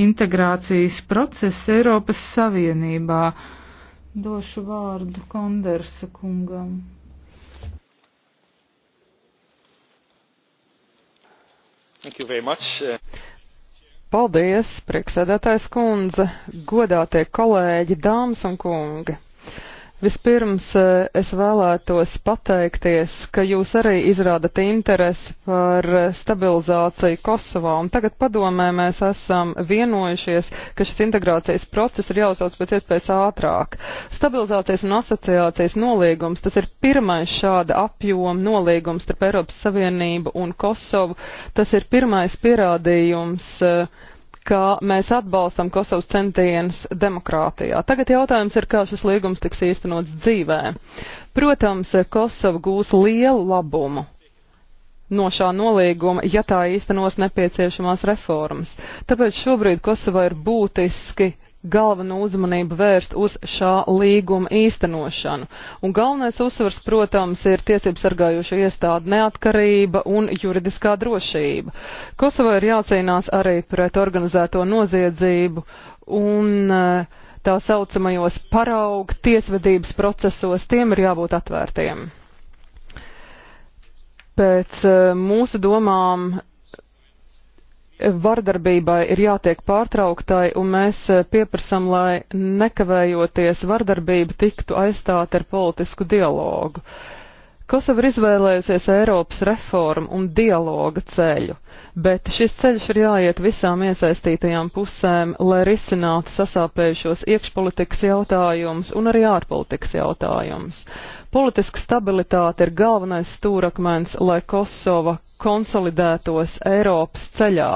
integrācijas process Eiropas Savienībā. Došu vārdu Kondersa kungam. Paldies, priekšsēdētājs kundze, godātie kolēģi, dāmas un kungi! Vispirms eh, es vēlētos pateikties, ka jūs arī izrādat interesi par eh, stabilizāciju Kosovā, un tagad padomē mēs esam vienojušies, ka šis integrācijas process ir jāuzsauc pēc iespējas ātrāk. Stabilizācijas un asociācijas nolīgums, tas ir pirmais šāda apjoma nolīgums starp Eiropas Savienību un Kosovu, tas ir pirmais pierādījums, uh, ka mēs atbalstam Kosovas centienus demokrātijā. Tagad jautājums ir, kā šis līgums tiks īstenots dzīvē. Protams, Kosova gūs lielu labumu no šā nolīguma, ja tā īstenos nepieciešamās reformas. Tāpēc šobrīd Kosova ir būtiski galveno uzmanību vērst uz šā līguma īstenošanu. Un galvenais uzsvars, protams, ir tiesību sargājošo iestādu neatkarība un juridiskā drošība. Kosovo ir jācīnās arī pret organizēto noziedzību un eh, tā saucamajos parauga tiesvedības procesos tiem ir jābūt atvērtiem. Pēc eh, mūsu domām vardarbībai ir jātiek pārtrauktai, un mēs eh, pieprasam, lai nekavējoties vardarbība tiktu aizstāta ar politisku dialogu. Kosova ir izvēlējusies Eiropas reformu un dialoga ceļu, bet šis ceļš ir jāiet visām iesaistītajām pusēm, lai risinātu sasāpējušos iekšpolitikas jautājumus un arī ārpolitikas jautājumus. Politiska stabilitāte ir galvenais stūrakmens, lai Kosova konsolidētos Eiropas ceļā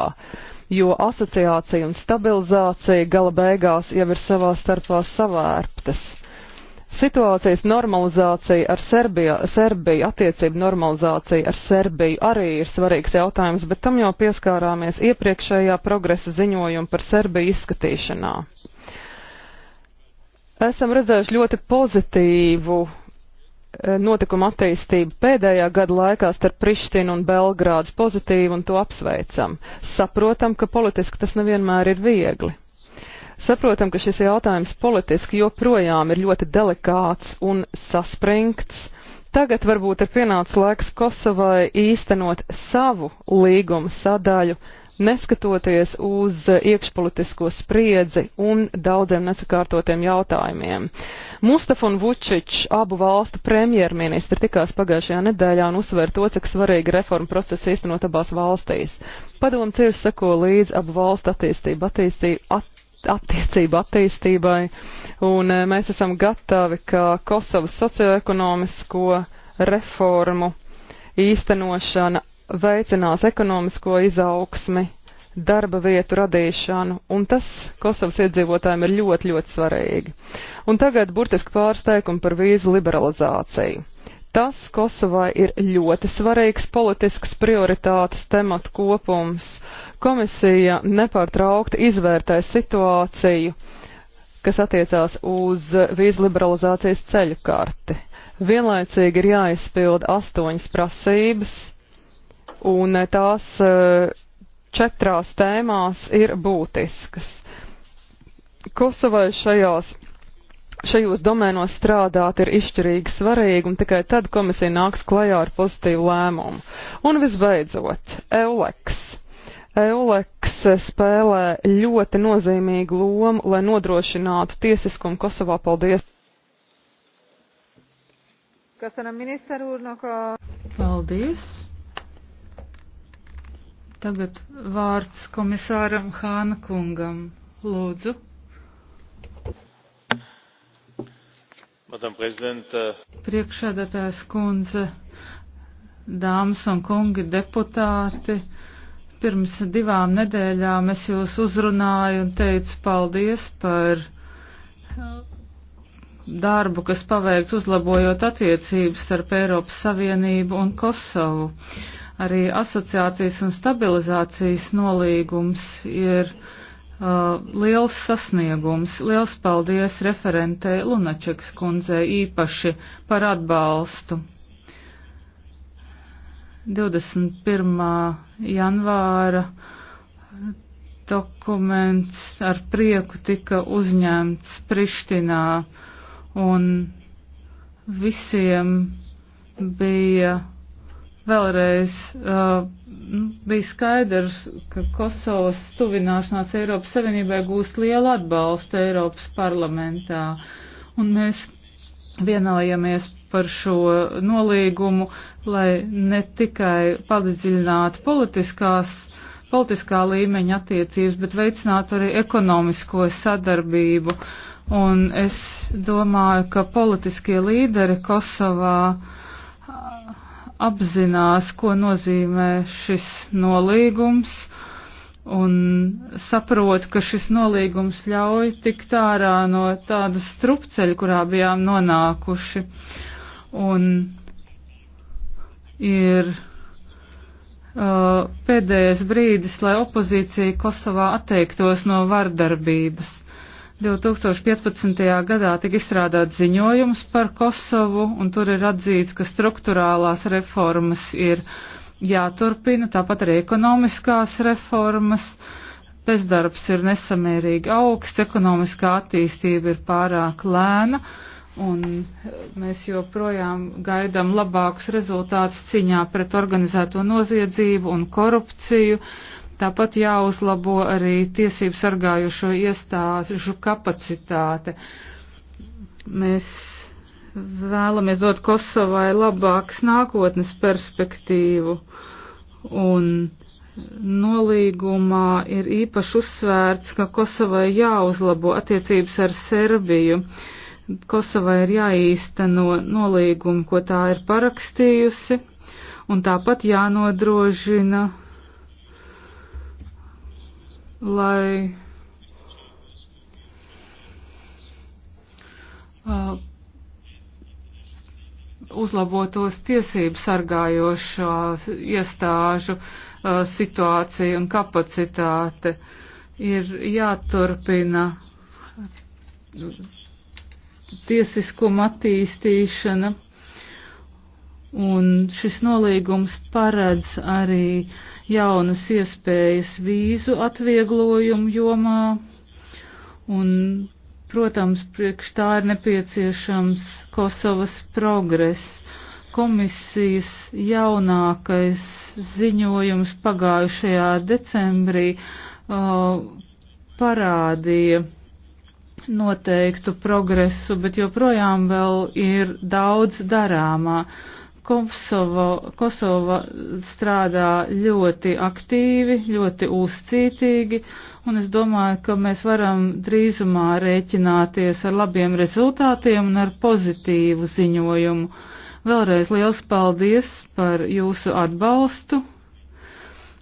jo asociācija un stabilizācija gala beigās jau ir savā starpā savērptas. Situācijas normalizācija ar Serbiju, Serbiju, attiecību normalizācija ar Serbiju arī ir svarīgs jautājums, bet tam jau pieskārāmies iepriekšējā progresa ziņojuma par Serbiju izskatīšanā. Esam redzējuši ļoti pozitīvu Eh, notikuma attīstību pēdējā gada laikā starp Prištinu un Belgrādas pozitīvu un to apsveicam. Saprotam, ka politiski tas nevienmēr ir viegli. Saprotam, ka šis jautājums politiski joprojām ir ļoti delikāts un saspringts. Tagad varbūt ir pienācis laiks Kosovai īstenot savu līguma sadaļu neskatoties uz iekšpolitisko spriedzi un daudziem nesakārtotiem jautājumiem. Mustafa un Vučić, abu valstu premjerministri, tikās pagājušajā nedēļā un uzsver to, cik svarīgi reforma procesa īstenot abās valstīs. Padomu cieši seko līdz abu valstu attīstību, attīstību, att attiecību attīstībai, un eh, mēs esam gatavi, ka Kosovas socioekonomisko reformu īstenošana veicinās ekonomisko izaugsmi, darba vietu radīšanu, un tas Kosovas iedzīvotājiem ir ļoti, ļoti svarīgi. Un tagad burtiski pārsteigumi par vīzu liberalizāciju. Tas Kosovai ir ļoti svarīgs politisks prioritātes tematu kopums. Komisija nepārtraukti izvērtē situāciju, kas attiecās uz vīzu liberalizācijas ceļu karti. Vienlaicīgi ir jāizpilda astoņas prasības un tās eh, četrās tēmās ir būtiskas. Kosovai šajās šajos domēnos strādāt ir izšķirīgi svarīgi, un tikai tad komisija nāks klajā ar pozitīvu lēmumu. Un visbeidzot, Euleks. Euleks spēlē ļoti nozīmīgu lomu, lai nodrošinātu tiesiskumu Kosovā. Paldies! Köszönöm miniszter úrnak a... Paldies! Tagad vārds komisāram Hāna kungam. Lūdzu. Uh, Priekšādātājs kundze, dāmas un kungi, deputāti, pirms divām nedēļām es jūs uzrunāju un teicu paldies par uh, darbu, kas paveikts uzlabojot attiecības starp Eiropas Savienību un Kosovu. Uh, Arī asociācijas un stabilizācijas nolīgums ir uh, liels sasniegums. Liels paldies referentei Lunačeks kundzei īpaši par atbalstu. 21. janvāra dokuments ar prieku tika uzņemts Prištinā un visiem bija Vēlreiz uh, nu, bija skaidrs, ka Kosovas tuvināšanās Eiropas Savienībai gūst lielu atbalstu Eiropas parlamentā. Un mēs vienojamies par šo nolīgumu, lai ne tikai padziļinātu politiskās, politiskā līmeņa attiecības, bet veicinātu arī ekonomisko sadarbību. Un es domāju, ka politiskie līderi Kosovā apzinās, ko nozīmē šis nolīgums un saprot, ka šis nolīgums ļauj tikt ārā no tādas strupceļa, kurā bijām nonākuši. Un ir uh, pēdējais brīdis, lai opozīcija Kosovā atteiktos no vardarbības. 2015. gadā tika izstrādāts ziņojums par Kosovu, un tur ir atzīts, ka struktūrālās reformas ir jāturpina, tāpat arī ekonomiskās reformas. Bezdarbs ir nesamērīgi augsts, ekonomiskā attīstība ir pārāk lēna, un mēs joprojām gaidām labākus rezultātus ciņā pret organizēto noziedzību un korupciju Tāpat jāuzlabo arī tiesību sargājušo iestāžu kapacitāte. Mēs vēlamies dot Kosovai labākas nākotnes perspektīvu, un nolīgumā ir īpaši uzsvērts, ka Kosovai jāuzlabo attiecības ar Serbiju. Kosovai ir jāīsteno nolīgumu, ko tā ir parakstījusi, un tāpat jānodrošina lai uh, uzlabotos tiesību sargājošā iestāžu uh, situācija un kapacitāte. Ir jāturpina tiesiskuma attīstīšana Un šis nolīgums paredz arī jaunas iespējas vīzu atvieglojumu jomā. Un, protams, priekš tā ir nepieciešams Kosovas progress. Komisijas jaunākais ziņojums pagājušajā decembrī uh, parādīja noteiktu progresu, bet joprojām vēl ir daudz darāmā. Uh, Kosovo, Kosova strādā ļoti aktīvi, ļoti uzcītīgi, un es domāju, ka mēs varam drīzumā rēķināties ar labiem rezultātiem un ar pozitīvu ziņojumu. Vēlreiz liels paldies par jūsu atbalstu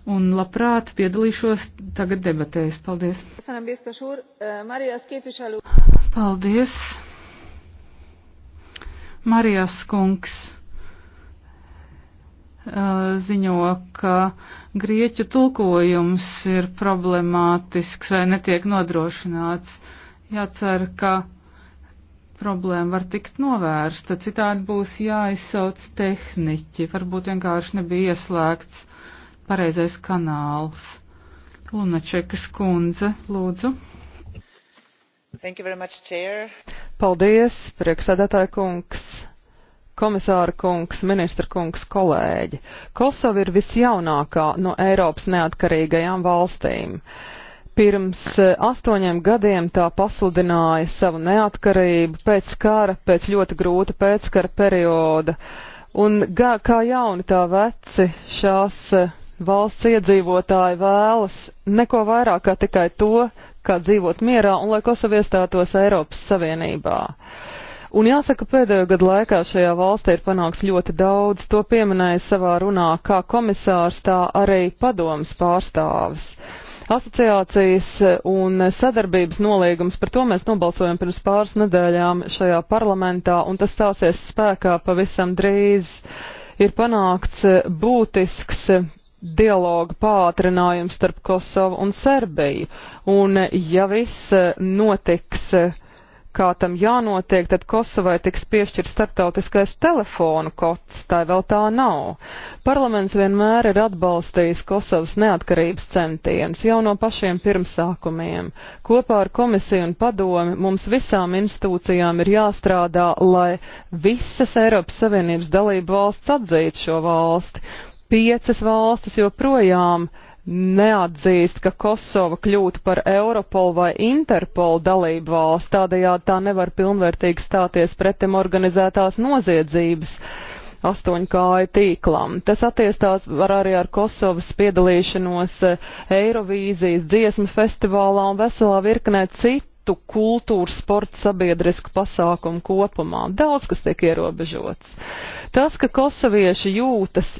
un labprāt piedalīšos tagad debatēs. Paldies! Paldies! Marijas kungs! ziņo, ka grieķu tulkojums ir problemātisks vai netiek nodrošināts. Jācer, ka problēma var tikt novērsta, citādi būs jāizsauc tehniķi, varbūt vienkārši nebija ieslēgts pareizais kanāls. Lunačekas kundze, lūdzu. Much, Chair. Paldies, priekšsēdētāja kungs komisāra kungs, ministra kungs, kolēģi. Kosova ir visjaunākā no Eiropas neatkarīgajām valstīm. Pirms eh, astoņiem gadiem tā pasludināja savu neatkarību pēc kara, pēc ļoti grūta pēckara perioda, un gā, kā jauni tā veci šās eh, valsts iedzīvotāji vēlas neko vairāk kā tikai to, kā dzīvot mierā un lai Kosova iestātos Eiropas Savienībā. Uh, Un jāsaka, pēdējo gadu laikā šajā valstī ir panāks ļoti daudz, to pieminēja savā runā kā komisārs, tā arī padomas pārstāvis. Asociācijas un sadarbības nolīgums, par to mēs nobalsojam pirms pāris nedēļām šajā parlamentā, un tas stāsies spēkā pavisam drīz. Ir panākts būtisks dialoga pātrinājums starp Kosovu un Serbiju. Un ja viss notiks kā tam jānotiek, tad Kosovai tiks piešķirts starptautiskais telefonu kods, tā vēl tā nav. Parlaments vienmēr ir atbalstījis Kosovas neatkarības centienus jau no pašiem pirmsākumiem. Kopā ar komisiju un padomi mums visām institūcijām ir jāstrādā, lai visas Eiropas Savienības dalību valsts atzītu šo valsti. Piecas valstis joprojām ir neatzīst, ka Kosova kļūtu par Europol vai Interpol dalību valsts, tādējādi tā nevar pilnvērtīgi stāties pretim organizētās noziedzības astoņkāju tīklam. Tas attiestās var arī ar Kosovas piedalīšanos eh, Eirovīzijas dziesmu festivālā un veselā virknē citu kultūru, sporta, sabiedrisku pasākumu kopumā. Daudz, kas tiek ierobežots. Tas, ka kosovieši jūtas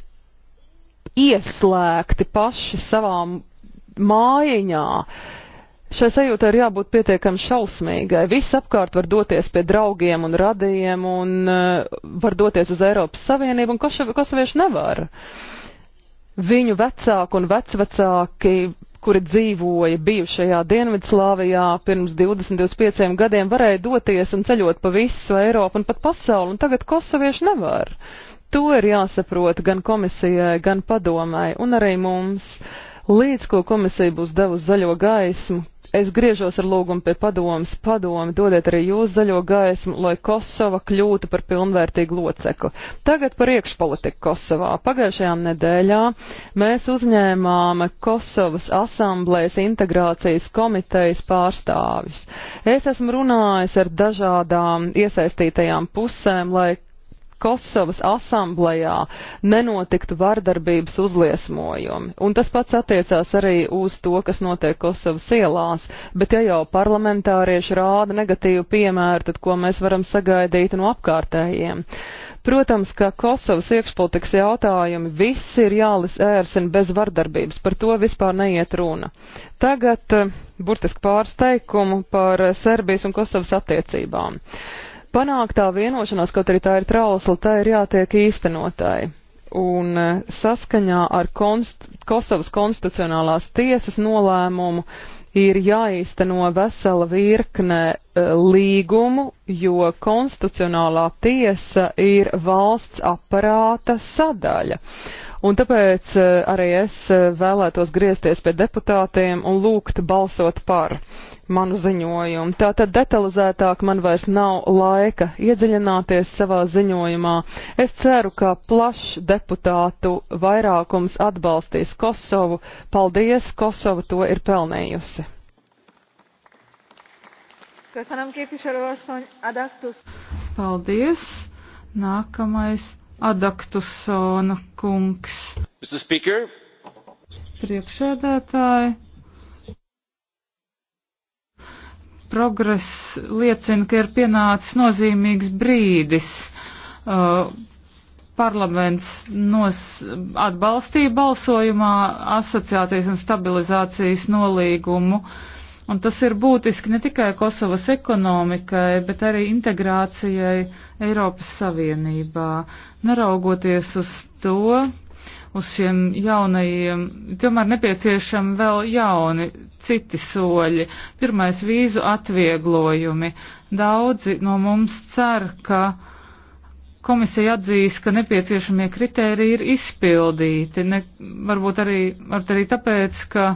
ieslēgti paši savām mājiņā. Šai sajūtai ir jābūt pietiekami šausmīgai. Viss apkārt var doties pie draugiem un radiem un uh, var doties uz Eiropas Savienību, un kosovieši nevar. Viņu vecāki un vecvecāki kuri dzīvoja bijušajā Dienvidslāvijā pirms 20-25 gadiem, varēja doties un ceļot pa visu Eiropu un pat pasauli, un tagad kosovieši nevar. To ir jāsaprot gan komisijai, gan padomai, un arī mums. Līdz ko komisija būs devusi zaļo gaismu, es griežos ar lūgumu pie padomas, padomi, dodiet arī jūs zaļo gaismu, lai Kosova kļūtu par pilnvērtīgu locekli. Tagad par iekšpolitiku Kosovā. Pagājušajā nedēļā mēs uzņēmām Kosovas asamblējas integrācijas komitejas pārstāvis. Es esmu runājis ar dažādām iesaistītajām pusēm, lai Kosovas asamblējā nenotiktu vardarbības uzliesmojumi. Un tas pats attiecās arī uz to, kas notiek Kosovas ielās, bet ja jau parlamentārieši rāda negatīvu piemēru, tad ko mēs varam sagaidīt no apkārtējiem? Protams, ka Kosovas iekšpolitikas jautājumi visi ir jālisērsina bez vardarbības, par to vispār neiet runa. Tagad eh, burtiski pārsteikumu par Serbijas un Kosovas attiecībām. Uh, Panāktā vienošanās, kaut arī tā ir trausla, tā ir jātiek īstenotāji. Un eh, saskaņā ar konst Kosovas konstitucionālās tiesas nolēmumu ir jāīsteno vesela virkne eh, līgumu, jo konstitucionālā tiesa ir valsts aparāta sadaļa. Un tāpēc eh, arī es vēlētos griezties pie deputātiem un lūgt balsot par manu ziņojumu. Tā tad detalizētāk man vairs nav laika iedziļināties savā ziņojumā. Es ceru, ka plašs deputātu vairākums atbalstīs Kosovu. Paldies, Kosova to ir pelnījusi. Paldies. Nākamais Adaktusona kungs. Priekšēdētāji. progress liecina, ka ir pienācis nozīmīgs brīdis. Uh, parlaments nos, atbalstīja balsojumā asociācijas un stabilizācijas nolīgumu, un tas ir būtiski ne tikai Kosovas ekonomikai, bet arī integrācijai Eiropas Savienībā. Neraugoties uz to, uz šiem jaunajiem, tomēr nepieciešami vēl jauni citi soļi. Pirmais - vīzu atvieglojumi. Daudzi no mums cer, ka komisija atzīs, ka nepieciešamie kritēriji ir izpildīti. Ne, varbūt, arī, varbūt arī tāpēc, ka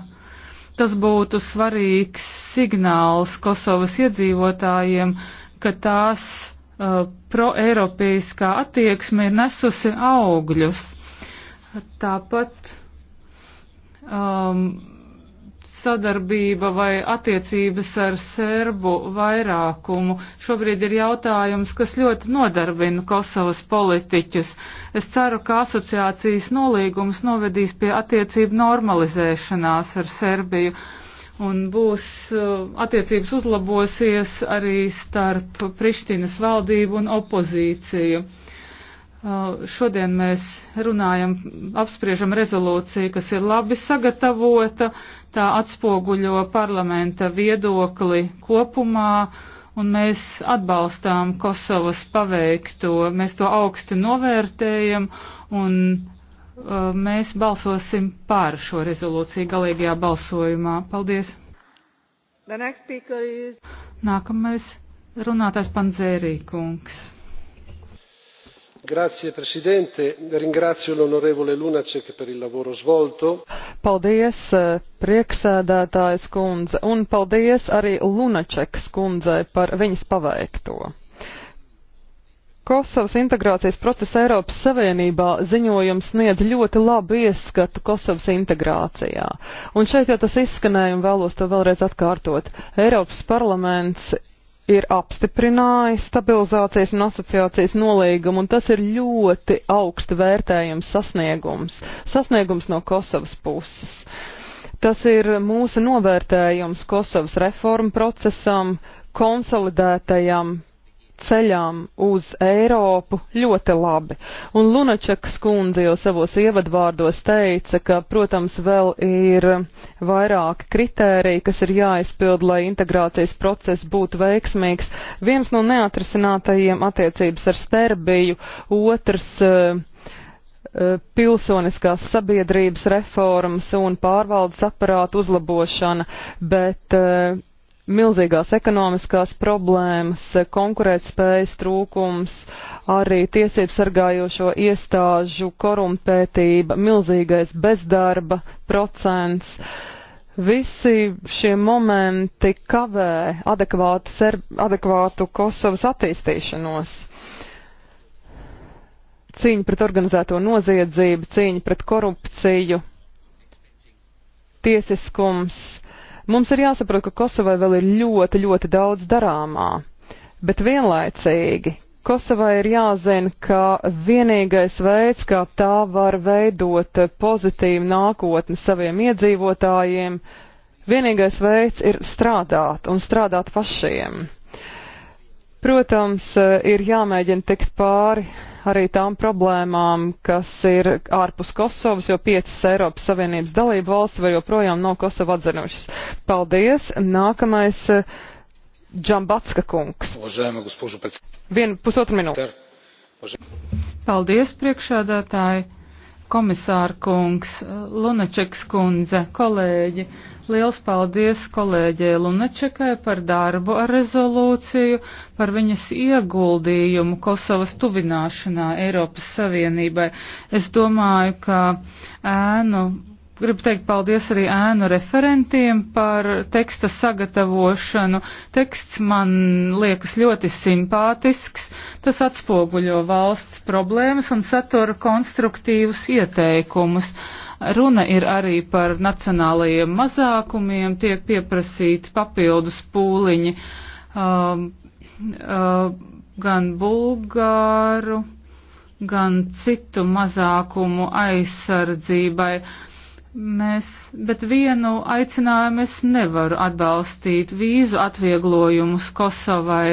tas būtu svarīgs signāls Kosovas iedzīvotājiem, ka tās uh, proeiropeiskā attieksme ir nesusi augļus. Tāpat um, sadarbība vai attiecības ar serbu vairākumu. Šobrīd ir jautājums, kas ļoti nodarbina Kosovas politiķus. Es ceru, ka asociācijas nolīgums novedīs pie attiecību normalizēšanās ar Serbiju un būs uh, attiecības uzlabosies arī starp Prištinas valdību un opozīciju. Uh, šodien mēs runājam, apspriežam rezolūciju, kas ir labi sagatavota, tā atspoguļo parlamenta viedokli kopumā, un mēs atbalstām Kosovas paveikto, mēs to augsti novērtējam, un uh, mēs balsosim pār šo rezolūciju galīgajā balsojumā. Paldies! Is... Nākamais runātājs Pandzērī kungs signora presidente ringrazio l'onorevole lunacek per il lavoro svolto. paldies eh, prieksēdētājas kundze un paldies arī lunačekas kundzei par viņas paveikto. Kosovas integrācijas procesa Eiropas Savienībā ziņojums sniedz ļoti labu ieskatu Kosovas integrācijā. Un šeit jau tas izskanēja un vēlos to vēlreiz atkārtot. Eiropas parlaments ir apstiprinājis stabilizācijas un asociācijas nolīgumu, un tas ir ļoti augsti vērtējams sasniegums, sasniegums no Kosovas puses. Tas ir mūsu novērtējums Kosovas reformu procesam, konsolidētajam ceļām uz Eiropu ļoti labi. Un Lunačakas kundze jau savos ievadvārdos teica, ka, protams, vēl ir vairāki kritēriji, kas ir jāizpild, lai integrācijas process būtu veiksmīgs. Viens no neatrisinātajiem attiecības ar Sterbiju, otrs eh, eh, pilsoniskās sabiedrības reformas un pārvaldes aparātu uzlabošana, bet eh, milzīgās ekonomiskās problēmas, konkurētspējas trūkums, arī tiesību sargājošo iestāžu korumpētība, milzīgais bezdarba procents. Visi šie momenti kavē adekvātu, serb, adekvātu Kosovas attīstīšanos cīņa pret organizēto noziedzību, cīņa pret korupciju, tiesiskums. Mums ir jāsaprot, ka Kosovai vēl ir ļoti, ļoti daudz darāmā, bet vienlaicīgi Kosovai ir jāzina, ka vienīgais veids, kā tā var veidot pozitīvu nākotni saviem iedzīvotājiem, vienīgais veids ir strādāt un strādāt pašiem. Protams, ir jāmēģina tikt pāri arī tām problēmām, kas ir ārpus Kosovas, jo piecas Eiropas Savienības dalību valsts vēl joprojām nav Kosovu atzinušas. Paldies! Nākamais eh, Džambatska kungs. Vienu pusotru minūti. Paldies, priekšādātāji! komisāra kungs, Lunačeks kundze, kolēģi. Liels paldies kolēģei Lunačekai par darbu ar rezolūciju, par viņas ieguldījumu Kosovas tuvināšanā Eiropas Savienībai. Es domāju, ka ēnu Gribu teikt paldies arī ēnu referentiem par teksta sagatavošanu. Teksts man liekas ļoti simpātisks. Tas atspoguļo valsts problēmas un satura konstruktīvus ieteikumus. Runa ir arī par nacionālajiem mazākumiem, tiek pieprasīti papildus pūliņi um, um, gan bulgāru, gan citu mazākumu aizsardzībai. Mēs, bet vienu aicinājumu es nevaru atbalstīt - vīzu atvieglojumus Kosovai.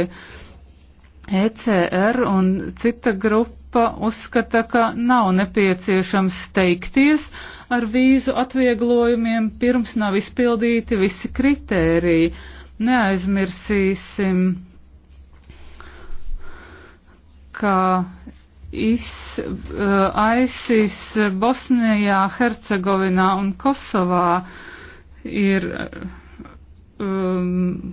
ECR un cita grupa uzskata, ka nav nepieciešams steigties ar vīzu atvieglojumiem, pirms nav izpildīti visi kritēriji. Neaizmirsīsim, ka IS, eh, ISIS Bosnijā, Hercegovinā un Kosovā ir eh, um,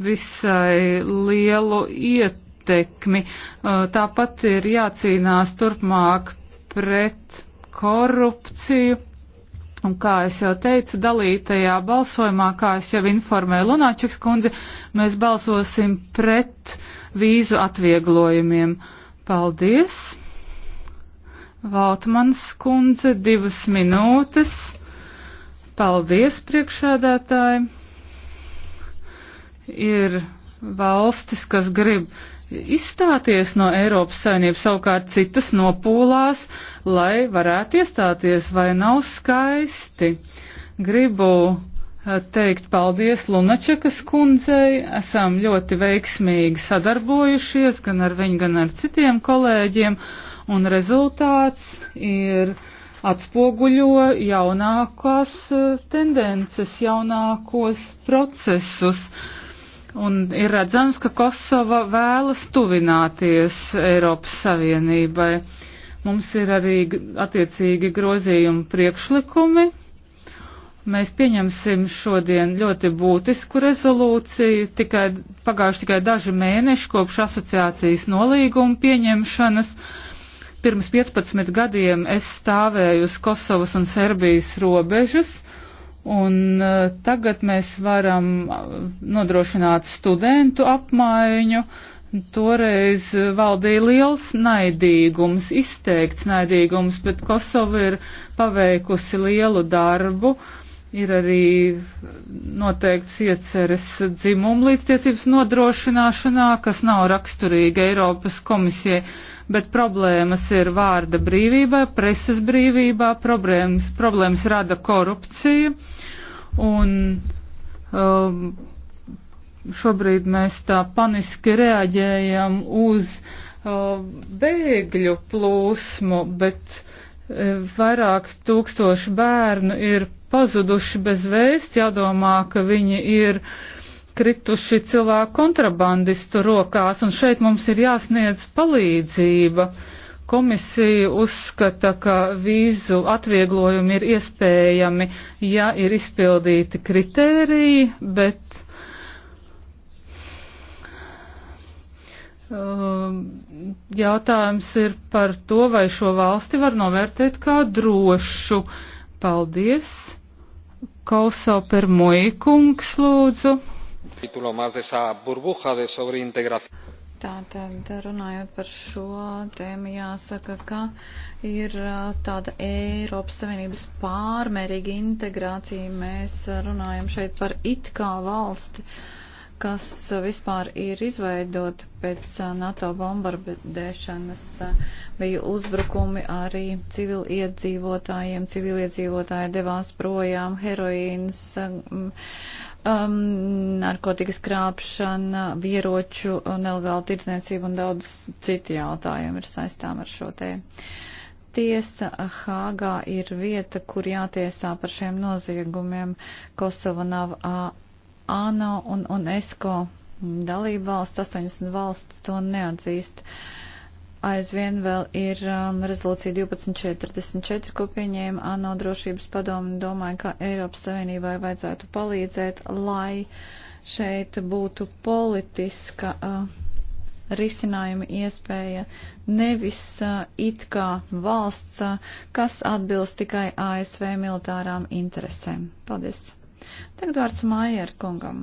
visai lielu ietekmi. Uh, tāpat ir jācīnās turpmāk pret korupciju. Un kā es jau teicu, dalītajā balsojumā, kā es jau informēju Lunāčiks kundzi, mēs balsosim pret vīzu atvieglojumiem. Paldies! Valtmans kundze, divas minūtes. Paldies, priekšādātāji. Ir valstis, kas grib izstāties no Eiropas Savienības, savukārt citas nopūlās, lai varētu iestāties, vai nav skaisti. Gribu teikt paldies Lunačekas kundzei. Esam ļoti veiksmīgi sadarbojušies gan ar viņu, gan ar citiem kolēģiem, un rezultāts ir atspoguļo jaunākās eh, tendences, jaunākos procesus. Un ir redzams, ka Kosova vēlas tuvināties Eiropas Savienībai. Mums ir arī attiecīgi grozījumi priekšlikumi, Mēs pieņemsim šodien ļoti būtisku rezolūciju, tikai pagājuši tikai daži mēneši kopš asociācijas nolīguma pieņemšanas. Pirms 15 gadiem es stāvēju uz Kosovas un Serbijas robežas, un e, tagad mēs varam e, nodrošināt studentu apmaiņu. Toreiz valdīja liels naidīgums, izteikts naidīgums, bet Kosova ir paveikusi lielu darbu. Uh, Ir arī noteikts ieceres dzimumu līdztiesības nodrošināšanā, kas nav raksturīga Eiropas komisijai, bet problēmas ir vārda brīvībā, preses brīvībā, problēmas, problēmas rada korupcija. Un um, šobrīd mēs tā paniski reaģējam uz uh, bēgļu plūsmu, bet uh, vairāk tūkstoši bērnu ir pazuduši bez vēsts, jādomā, ka viņi ir krituši cilvēku kontrabandistu rokās, un šeit mums ir jāsniedz palīdzība. Komisija uzskata, ka vīzu atvieglojumi ir iespējami, ja ir izpildīti kritēriji, bet um, jautājums ir par to, vai šo valsti var novērtēt kā drošu. Paldies! Kolso pirmoji kungs lūdzu. Tātad runājot par šo tēmu, jāsaka, ka ir uh, tāda Eiropas Savienības pārmērīga integrācija. Mēs uh, runājam šeit par it kā valsti. Uh, kas uh, vispār ir izveidota pēc uh, NATO bombardēšanas, uh, bija uzbrukumi arī civiliedzīvotājiem. Civiliedzīvotāji devās projām, heroīnas, um, narkotikas krāpšana, vieroču, nelegāla tirdzniecība un daudz citu jautājumu ir saistām ar šo te. Tiesa Hāgā ir vieta, kur jātiesā par šiem noziegumiem. Kosova nav ANO un UNESCO dalību valsts, 80 valsts to neatzīst. Aizvien vēl ir um, rezolūcija 1244, ko pieņēma ANO drošības padomu un domāju, ka Eiropas Savienībai vajadzētu palīdzēt, lai šeit būtu politiska uh, risinājuma iespēja nevis uh, it kā valsts, uh, kas atbilst tikai ASV militārām interesēm. Paldies! Tagad vārds Maier kungam.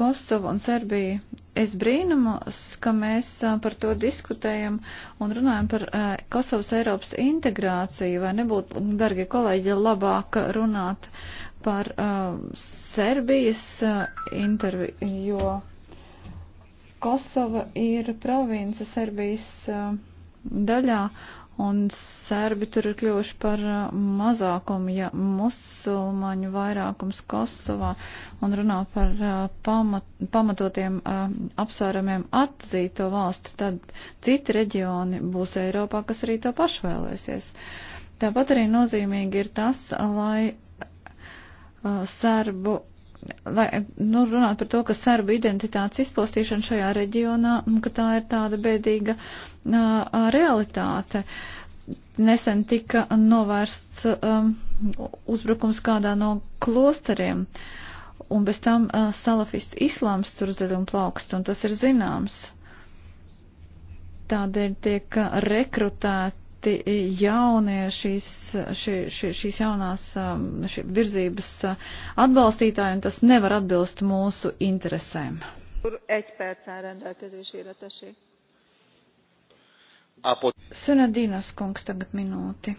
Kosova un Serbija. Es brīnumos, ka mēs par to diskutējam un runājam par Kosovas Eiropas integrāciju, vai nebūtu, dargie kolēģi, labāk runāt par uh, Serbijas uh, interviju, jo Kosova ir province Serbijas uh, daļā un serbi tur ir kļuvuši par uh, mazākumu, ja musulmaņu vairākums Kosovā un runā par uh, pamat, pamatotiem uh, apsvērumiem atzīt to valsti, tad citi reģioni būs Eiropā, kas arī to pašu vēlēsies. Tāpat arī nozīmīgi ir tas, lai serbu lai nu, runātu par to, ka serbu identitātes izpostīšana šajā reģionā, mm, ka tā ir tāda bēdīga uh, realitāte. Nesen tika novērsts um, uzbrukums kādā no klosteriem, un bez tam uh, salafistu islāms tur zaļ un plaukst, un tas ir zināms. Tādēļ tiek rekrutēti ļoti jaunie šīs, šī, šī, šīs jaunās um, šī virzības uh, atbalstītāji, un tas nevar atbilst mūsu interesēm. Sunadīnas kungs tagad minūti.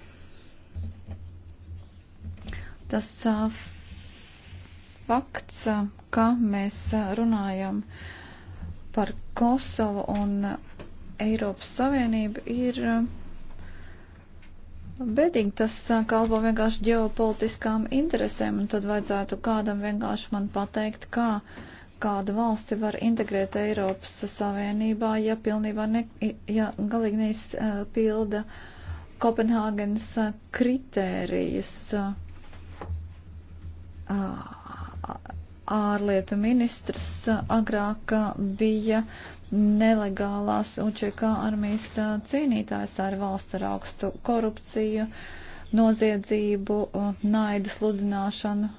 Tas uh, fakts, uh, ka mēs runājam par Kosovu un Eiropas Savienību, ir Bedīgi tas kalpo vienkārši ģeopolitiskām interesēm, un tad vajadzētu kādam vienkārši man pateikt, kā kādu valsti var integrēt Eiropas Savienībā, ja pilnībā ne, ja galīgi neizpilda Kopenhāgenes kritērijus ārlietu ministrs agrāk bija nelegālās UČK armijas cīnītājs. Tā ir valsts ar augstu korupciju, noziedzību, naida sludināšanu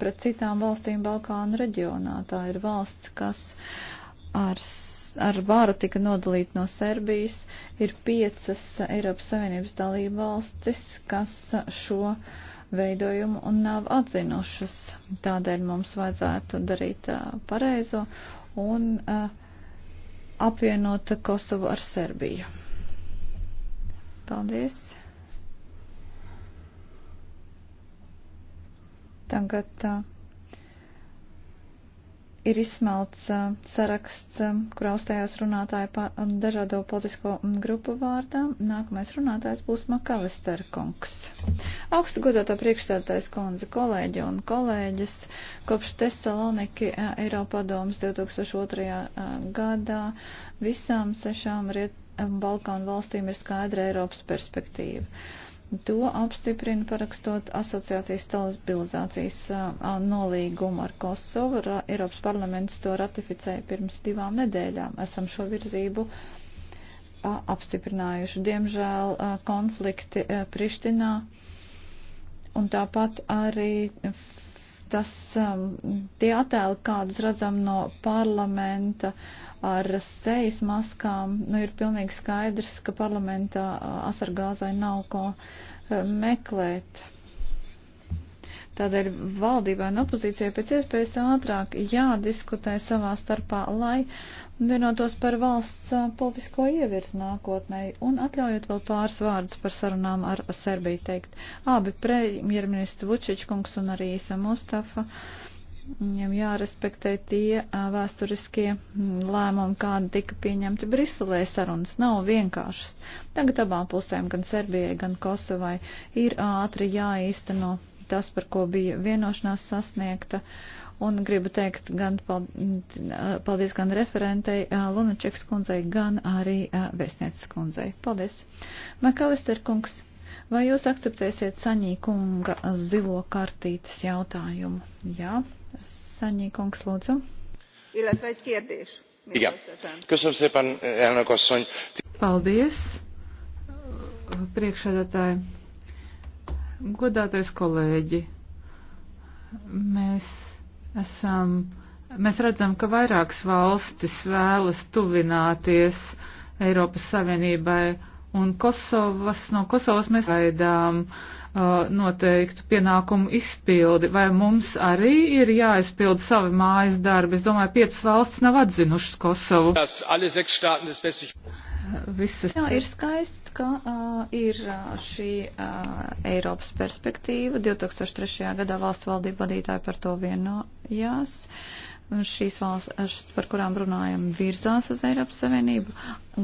pret citām valstīm Balkānu reģionā. Tā ir valsts, kas ar ar varu tika nodalīta no Serbijas, ir piecas Eiropas Savienības dalība valstis, kas šo uh, veidojumu un nav atzinušas. Tādēļ mums vajadzētu darīt pareizo un apvienot Kosovu ar Serbiju. Paldies! Tagad uh, ir izsmelts saraksts, kurā uzstājās runātāji pa dažādo politisko grupu vārdā. Nākamais runātājs būs Makalister kungs. Augstu godātā priekšstādātais kundze kolēģi un kolēģis kopš Tesaloniki Eiropadomas 2002. gadā visām sešām Balkānu valstīm ir skaidra Eiropas perspektīva. To apstiprina parakstot asociācijas stabilizācijas nolīgumu ar Kosovu. Eiropas parlaments to ratificēja pirms divām nedēļām. Esam šo virzību apstiprinājuši. Diemžēl konflikti Prištinā un tāpat arī tas, um, tie attēli, kādus redzam no parlamenta ar sejas maskām, nu ir pilnīgi skaidrs, ka parlamentā uh, asargāzai nav ko uh, meklēt. Tādēļ valdībai un opozīcijai pēc iespējas ātrāk jādiskutē savā starpā, lai vienotos par valsts politisko ievirs nākotnē un atļaujot vēl pāris vārdus par sarunām ar Serbiju teikt. Abi premjerministri Vučičkungs un arī Isa Mustafa. Viņam jārespektē tie vēsturiskie hm, lēmumi, kādi tika pieņemti Briselē. Sarunas nav vienkāršas. Tagad abām pusēm, gan Serbijai, gan Kosovai, ir ātri jāīsteno tas, par ko bija vienošanās sasniegta. Uh, Un gribu teikt gan paldies gan referentei Lunačeks kundzei, gan arī vēstnieces kundzei. Paldies. Makalister kungs, vai jūs akceptēsiet Saņī kunga zilo kartītes jautājumu? Jā, Saņī kungs, lūdzu. Illetve egy kérdés. Igen. Köszönöm szépen, elnök asszony. Paldies, priekšsēdētāji. Godātais kolēģi, mēs esam, mēs redzam, ka vairākas valstis vēlas tuvināties Eiropas Savienībai Un Kosovas, no Kosovas mēs gaidām uh, noteiktu pienākumu izpildi. Vai mums arī ir jāizpild savi mājas darbi? Es domāju, piecas valsts nav atzinušas Kosovu. Visas. Jā, ir skaists, ka uh, ir uh, šī uh, Eiropas perspektīva. 2003. gadā valstu valdība vadītāji par to vienojās. No, šīs valsts, par kurām runājam, virzās uz Eiropas Savienību,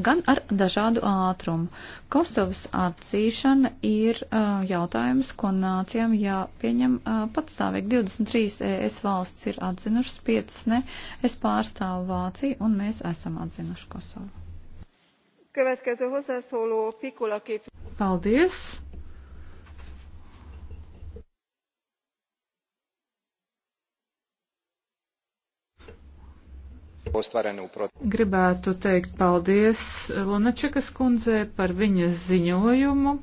gan ar dažādu ātrumu. Kosovas atzīšana ir uh, jautājums, ko nācijām jāpieņem uh, patstāvīgi. 23 ES valsts ir atzinušas, 5 ne. Es pārstāvu Vāciju un mēs esam atzinuši Kosovu. Paldies! Gribētu teikt paldies Lunačekas kundzē par viņas ziņojumu.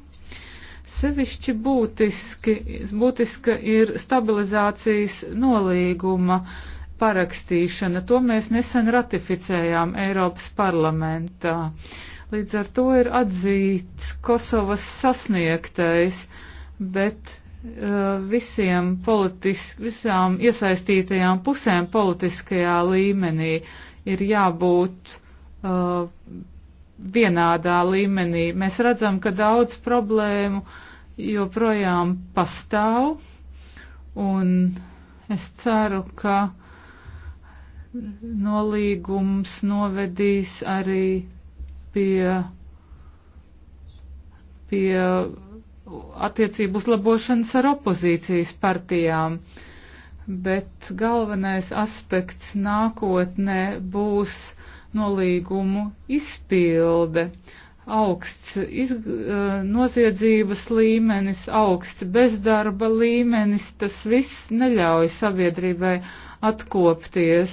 Sevišķi būtiski, būtiska ir stabilizācijas nolīguma parakstīšana. To mēs nesen ratificējām Eiropas parlamentā. Līdz ar to ir atzīts Kosovas sasniegtais, bet Eh, visiem politisk, visām iesaistītajām pusēm politiskajā līmenī ir jābūt uh, vienādā līmenī. Mēs redzam, ka daudz problēmu joprojām pastāv, un es ceru, ka nolīgums novedīs arī pie, pie attiecību uzlabošanas ar opozīcijas partijām. Bet galvenais aspekts nākotnē būs nolīgumu izpilde. Augsts iz, eh, noziedzības līmenis, augsts bezdarba līmenis, tas viss neļauj sabiedrībai atkopties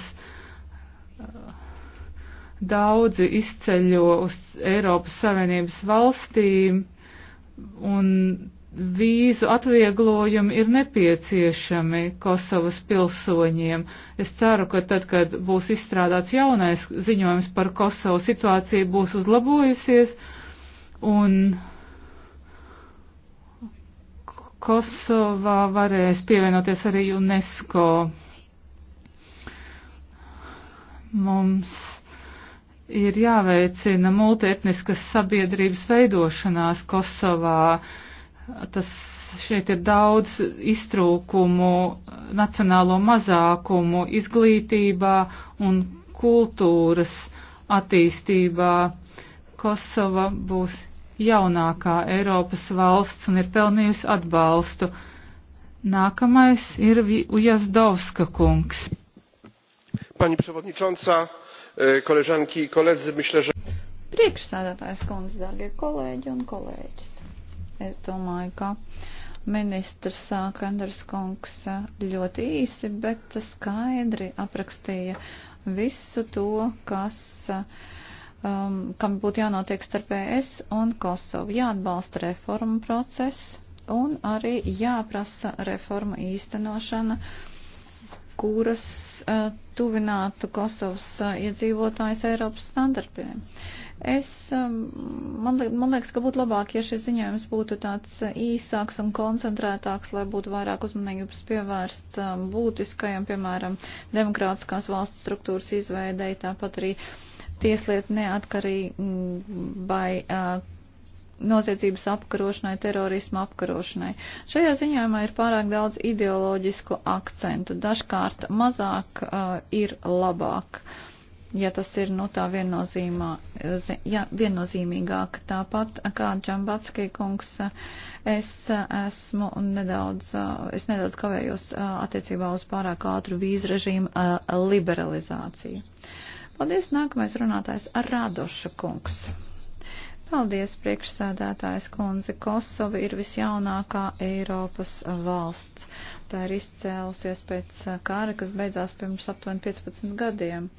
daudzi izceļo uz Eiropas Savienības valstīm, un vīzu atvieglojumi ir nepieciešami Kosovas pilsoņiem. Es ceru, ka tad, kad būs izstrādāts jaunais ziņojums par Kosovu, situācija būs uzlabojusies un Kosovā varēs pievienoties arī UNESCO. Mums ir jāveicina multietniskas sabiedrības veidošanās Kosovā. Tas šeit ir daudz iztrūkumu nacionālo mazākumu izglītībā un kultūras attīstībā. Kosova būs jaunākā Eiropas valsts un ir pelnījusi atbalstu. Nākamais ir Ujazdovska kungs. Pani przewodnicząca, E, koleżanki i koledzy, myślę, że. Priekšsēdētājs kundze, darbie kolēģi un kolēģis. Es domāju, ka ministrs Kanders kungs ļoti īsi, bet skaidri aprakstīja visu to, kas, um, kam būtu jānotiek starp ES un Kosovu. Jāatbalsta reformu process un arī jāprasa reformu īstenošana. Uh, kuras uh, tuvinātu Kosovas uh, iedzīvotājs Eiropas standartiem. Es, um, man, liek, man liekas, ka būtu labāk, ja šis ziņojums būtu tāds īsāks un koncentrētāks, lai būtu vairāk uzmanības pievērsts um, būtiskajam, piemēram, demokrātiskās valsts struktūras izveidei, tāpat arī tieslietu neatkarībai uh, noziedzības apkarošanai, terorismu apkarošanai. Šajā ziņojumā ir pārāk daudz ideoloģisku akcentu. Dažkārt mazāk uh, ir labāk, ja tas ir nu, tā viennozīmā, ja, viennozīmīgāk. Tāpat kā Džambatskij kungs, es esmu nedaudz, uh, es nedaudz kavējos uh, attiecībā uz pārāk ātru vīzu režīmu uh, liberalizāciju. Paldies, nākamais runātājs Radoša kungs. Paldies, priekšsēdētājs kundze. Kosova ir visjaunākā Eiropas valsts. Tā ir izcēlusies pēc kara, kas beidzās pirms aptuveni 15 gadiem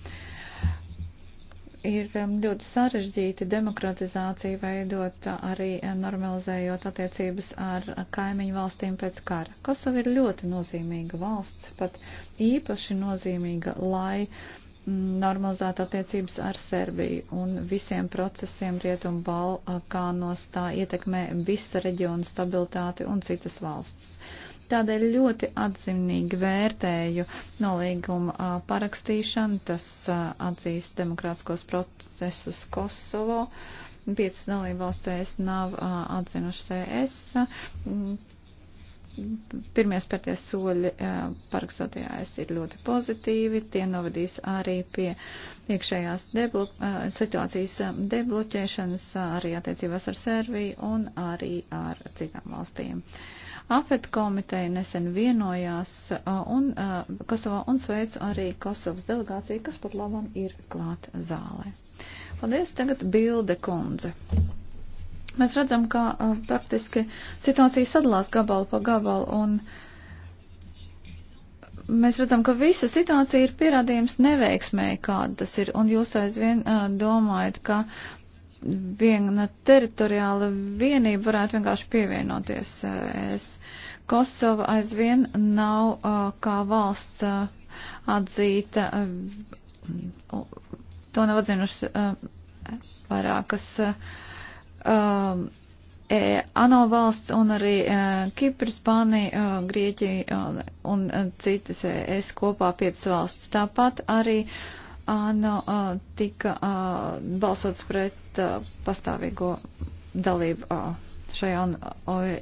ir um, ļoti sarežģīti demokratizāciju veidot arī um, normalizējot attiecības ar kaimiņu valstīm pēc kara. Kosova ir ļoti nozīmīga valsts, pat īpaši nozīmīga, lai normalizēt attiecības ar Serbiju un visiem procesiem Rietumu Balkānos tā ietekmē visa reģiona stabilitāti un citas valsts. Tādēļ ļoti atzinīgi vērtēju nolīguma parakstīšanu, tas atzīst demokrātiskos procesus Kosovo. Piecas dalībvalsts ES nav atzinušas ES. Pirmie spērtie soļi parakstot EAS ir ļoti pozitīvi, tie novadīs arī pie iekšējās deblo, situācijas debloķēšanas arī attiecībās ar Serviju un arī ar citām valstīm. AFET komiteja nesen vienojās un Kosovā un sveicu arī Kosovas delegāciju, kas pat labam ir klāt zālē. Paldies, tagad Bilde Kundze. Mēs redzam, ka uh, praktiski situācija sadalās gabalu pa gabalu un mēs redzam, ka visa situācija ir pierādījums neveiksmē, kāda tas ir, un jūs aizvien uh, domājat, ka viena teritoriāla vienība varētu vienkārši pievienoties uh, es. Kosova aizvien nav uh, kā valsts uh, atzīta, uh, to nav atzinušas uh, vairākas. Uh, um, e, ANO valsts un arī e, Kipra, Spānija, e, Grieķija e, un e, citas e, es kopā piecas valsts. Tāpat arī ANO e, tika e, balsots pret e, pastāvīgo dalību. E, šajā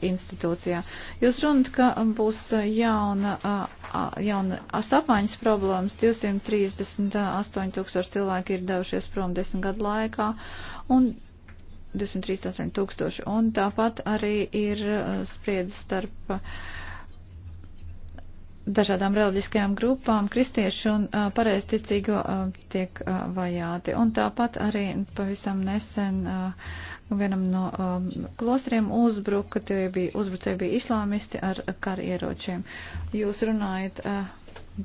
institūcijā. Jūs runat, ka būs jauna, e, jauna sapāņas problēmas. 238 tūkstoši cilvēki ir devušies prom desmit gadu laikā, un 238 tūkstoši. Un tāpat arī ir uh, spriedzi starp uh, dažādām reliģiskajām grupām, kristieši un uh, pareizticīgo tiek vajāti. Un tāpat arī pavisam nesen vienam no um, klostriem uzbruka, tie bija, uzbrucēji bija islāmisti ar karieročiem. Jūs runājat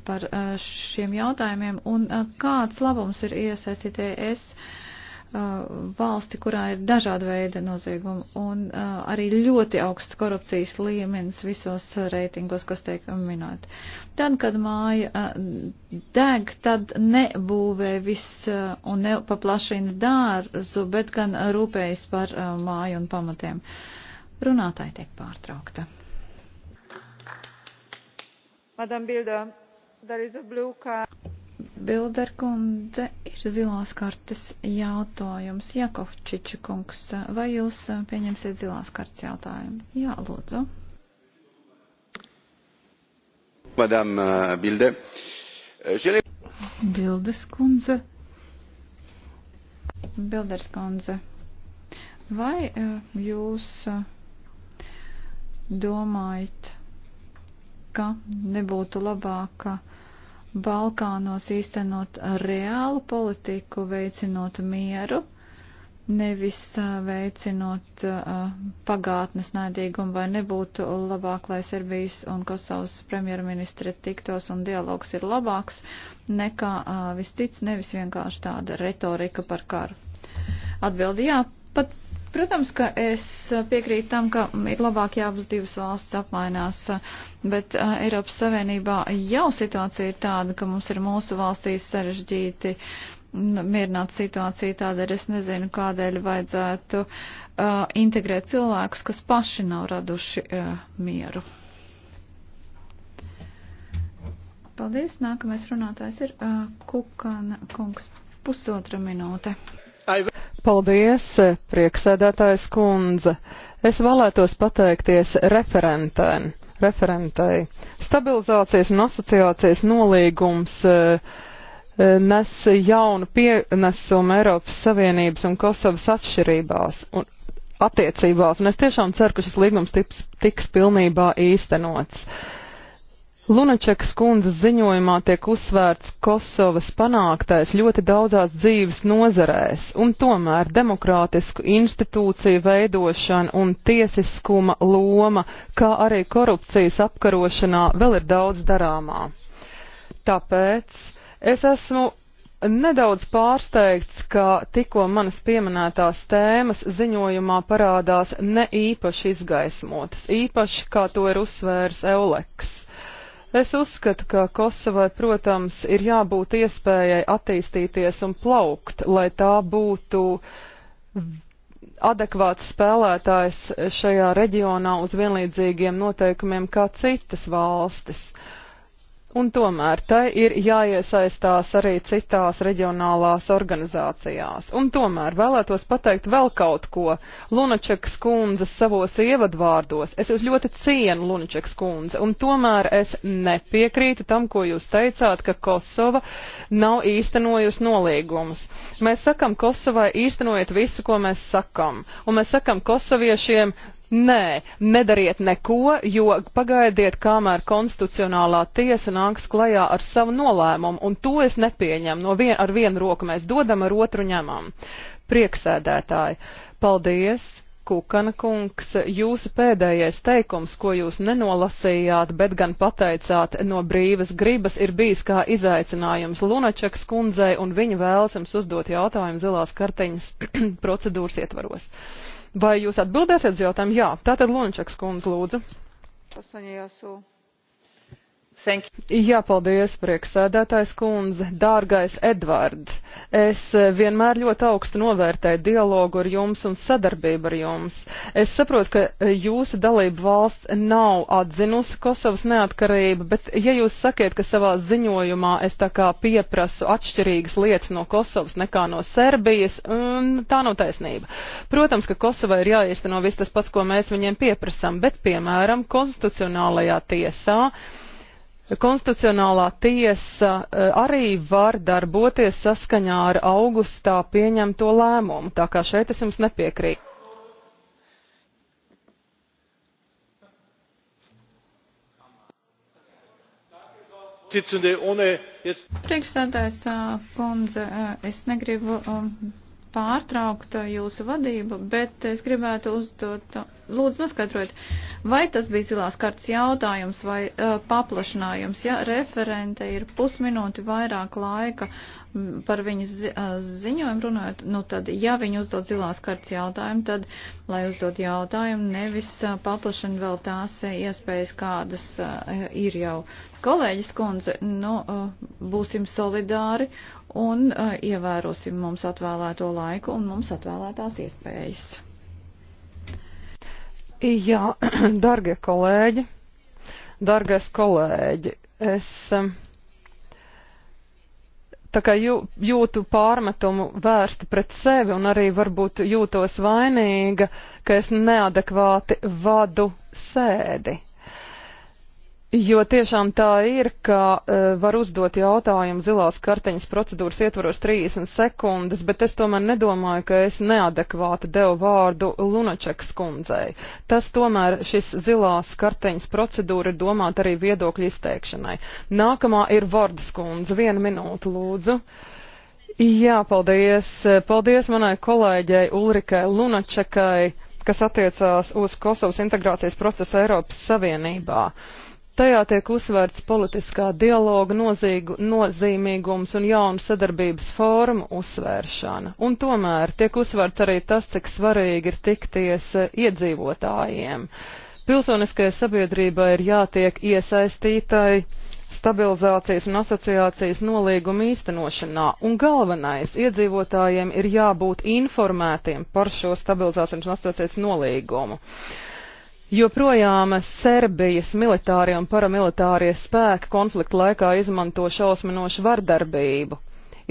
par šiem jautājumiem un kāds labums ir iesaistīties? Uh, valsti, kurā ir dažāda veida noziegumi un uh, arī ļoti augsts korupcijas līmenis visos reitingos, kas tiek minēti. Tad, kad māja uh, deg, tad nebūvē viss uh, un nepaplašina dārzu, bet gan rūpējas par uh, māju un pamatiem. Runātāji tiek pārtraukta. Madam Bilda, there is a blue card. Bilderkundze ir zilās kartes jautājums. Jakovčiča kungs, vai jūs eh, pieņemsiet zilās kartes jautājumu? Jā, lūdzu. Madam eh, Bilde. Eh, Bildes kundze. Bilders kundze. Vai jūs domājat, ka nebūtu labāka? Balkānos īstenot reālu politiku, veicinot mieru, nevis veicinot pagātnes naidīgumu, vai nebūtu labāk, lai Serbijas un Kosovas premjerministri tiktos un dialogs ir labāks nekā viss cits, nevis vienkārši tāda retorika par karu. Atbildi jā, pat Protams, ka es piekrītu tam, ka ir labāk, ja abas divas valsts apmainās, bet Eiropas Savienībā jau situācija ir tāda, ka mums ir mūsu valstīs sarežģīti mierināt situāciju, tādēļ es nezinu, kādēļ vajadzētu uh, integrēt cilvēkus, kas paši nav raduši uh, mieru. Paldies. Nākamais runātājs ir uh, Kukana kungs. Pusotra minūte. Paldies, prieksēdētājs kundze. Es vēlētos pateikties referentēm, referentei. Stabilizācijas un asociācijas nolīgums eh, eh, nes jaunu pienesumu Eiropas Savienības un Kosovas atšķirībās un attiecībās, un es tiešām ceru, ka šis līgums tiks, tiks pilnībā īstenots. Uh, Lunačekas kundzes ziņojumā tiek uzsvērts Kosovas panāktais ļoti daudzās dzīves nozarēs, un tomēr demokrātisku institūciju veidošana un tiesiskuma loma, kā arī korupcijas apkarošanā, vēl ir daudz darāmā. Tāpēc es esmu nedaudz pārsteigts, ka tikko manas pieminētās tēmas ziņojumā parādās ne īpaši izgaismotas, īpaši kā to ir uzsvērs Euleks. Es uzskatu, ka Kosovai, protams, ir jābūt iespējai attīstīties un plaukt, lai tā būtu adekvāts spēlētājs šajā reģionā uz vienlīdzīgiem noteikumiem kā citas valstis. Uh, un tomēr tai ir jāiesaistās arī citās reģionālās organizācijās. Un tomēr vēlētos pateikt vēl kaut ko Lunačekas kundzes savos ievadvārdos. Es jūs ļoti cienu, Lunačekas kundze, un tomēr es nepiekrītu tam, ko jūs teicāt, ka Kosova nav īstenojusi nolīgumus. Mēs sakam Kosovai īstenojiet visu, ko mēs sakam, un mēs sakam Kosoviešiem Nē, nedariet neko, jo pagaidiet, kamēr konstitucionālā tiesa nāks klajā ar savu nolēmumu, un to es nepieņemu. No vien, ar vienu roku mēs dodam, ar otru ņemam. Prieksēdētāji, paldies! Kukana kungs, jūsu pēdējais teikums, ko jūs nenolasījāt, bet gan pateicāt no brīvas gribas, ir bijis kā izaicinājums Lunačakas kundzei, un viņa vēlas jums uzdot jautājumu zilās kartiņas procedūras ietvaros. Vai jūs atbildēsiet uz jautājumu? Jā, tātad Lunčeks kundze lūdzu. Pasaņējā sū. Jā, paldies, prieksēdētājs kundze, dārgais Edvard. Es eh, vienmēr ļoti augstu novērtēju dialogu ar jums un sadarbību ar jums. Es saprotu, ka eh, jūsu dalība valsts nav atzinusi Kosovas neatkarību, bet ja jūs sakiet, ka savā ziņojumā es tā kā pieprasu atšķirīgas lietas no Kosovas nekā no Serbijas, tā nav taisnība. Protams, ka Kosovai ir jāiesteno viss tas pats, ko mēs viņiem pieprasam, bet, piemēram, konstitucionālajā tiesā, Konstitucionālā tiesa eh, arī var darboties saskaņā ar augustā pieņemto lēmumu, tā kā šeit es jums nepiekrītu. Priekšstādājs eh, kundze, eh, es negribu um, pārtraukt uh, jūsu vadību, bet es gribētu uzdot, uh, lūdzu noskaidrot, vai tas bija zilās kartas jautājums vai uh, paplašinājums. Ja referente ir pusminūti vairāk laika par viņas ziņojumu runājot, nu tad, ja viņi uzdod zilās kartas jautājumu, tad, lai uzdod jautājumu, nevis paplašina vēl tās iespējas, kādas ir jau. Kolēģis kundze, nu, būsim solidāri un ievērosim mums atvēlēto laiku un mums atvēlētās iespējas. Jā, dargie kolēģi, dargais kolēģi, es. Um, tā kā jū, jūtu pārmetumu vērstu pret sevi un arī varbūt jūtos vainīga, ka es neadekvāti vadu sēdi. Jo tiešām tā ir, ka uh, var uzdot jautājumu zilās karteņas procedūras ietvaros 30 sekundes, bet es tomēr nedomāju, ka es neadekvāti devu vārdu Lunačekas kundzei. Tas tomēr šis zilās karteņas procedūra ir domāta arī viedokļu izteikšanai. Nākamā ir Vardas kundze. Vienu minūtu lūdzu. Jā, paldies. Paldies manai kolēģei Ulrikai Lunačekai, kas attiecās uz Kosovas integrācijas procesu Eiropas Savienībā. Uh, Tajā tiek uzsvērts politiskā dialoga nozīgu, nozīmīgums un jaunu sadarbības formu uzsvēršana. Un tomēr tiek uzsvērts arī tas, cik svarīgi ir tikties eh, iedzīvotājiem. Pilsoniskajai sabiedrībai ir jātiek iesaistītai stabilizācijas un asociācijas nolīguma īstenošanā, un galvenais iedzīvotājiem ir jābūt informētiem par šo stabilizācijas un asociācijas nolīgumu. Uh, Joprojām Serbijas militārie un paramilitārie spēki konflikta laikā izmanto šausminošu vardarbību.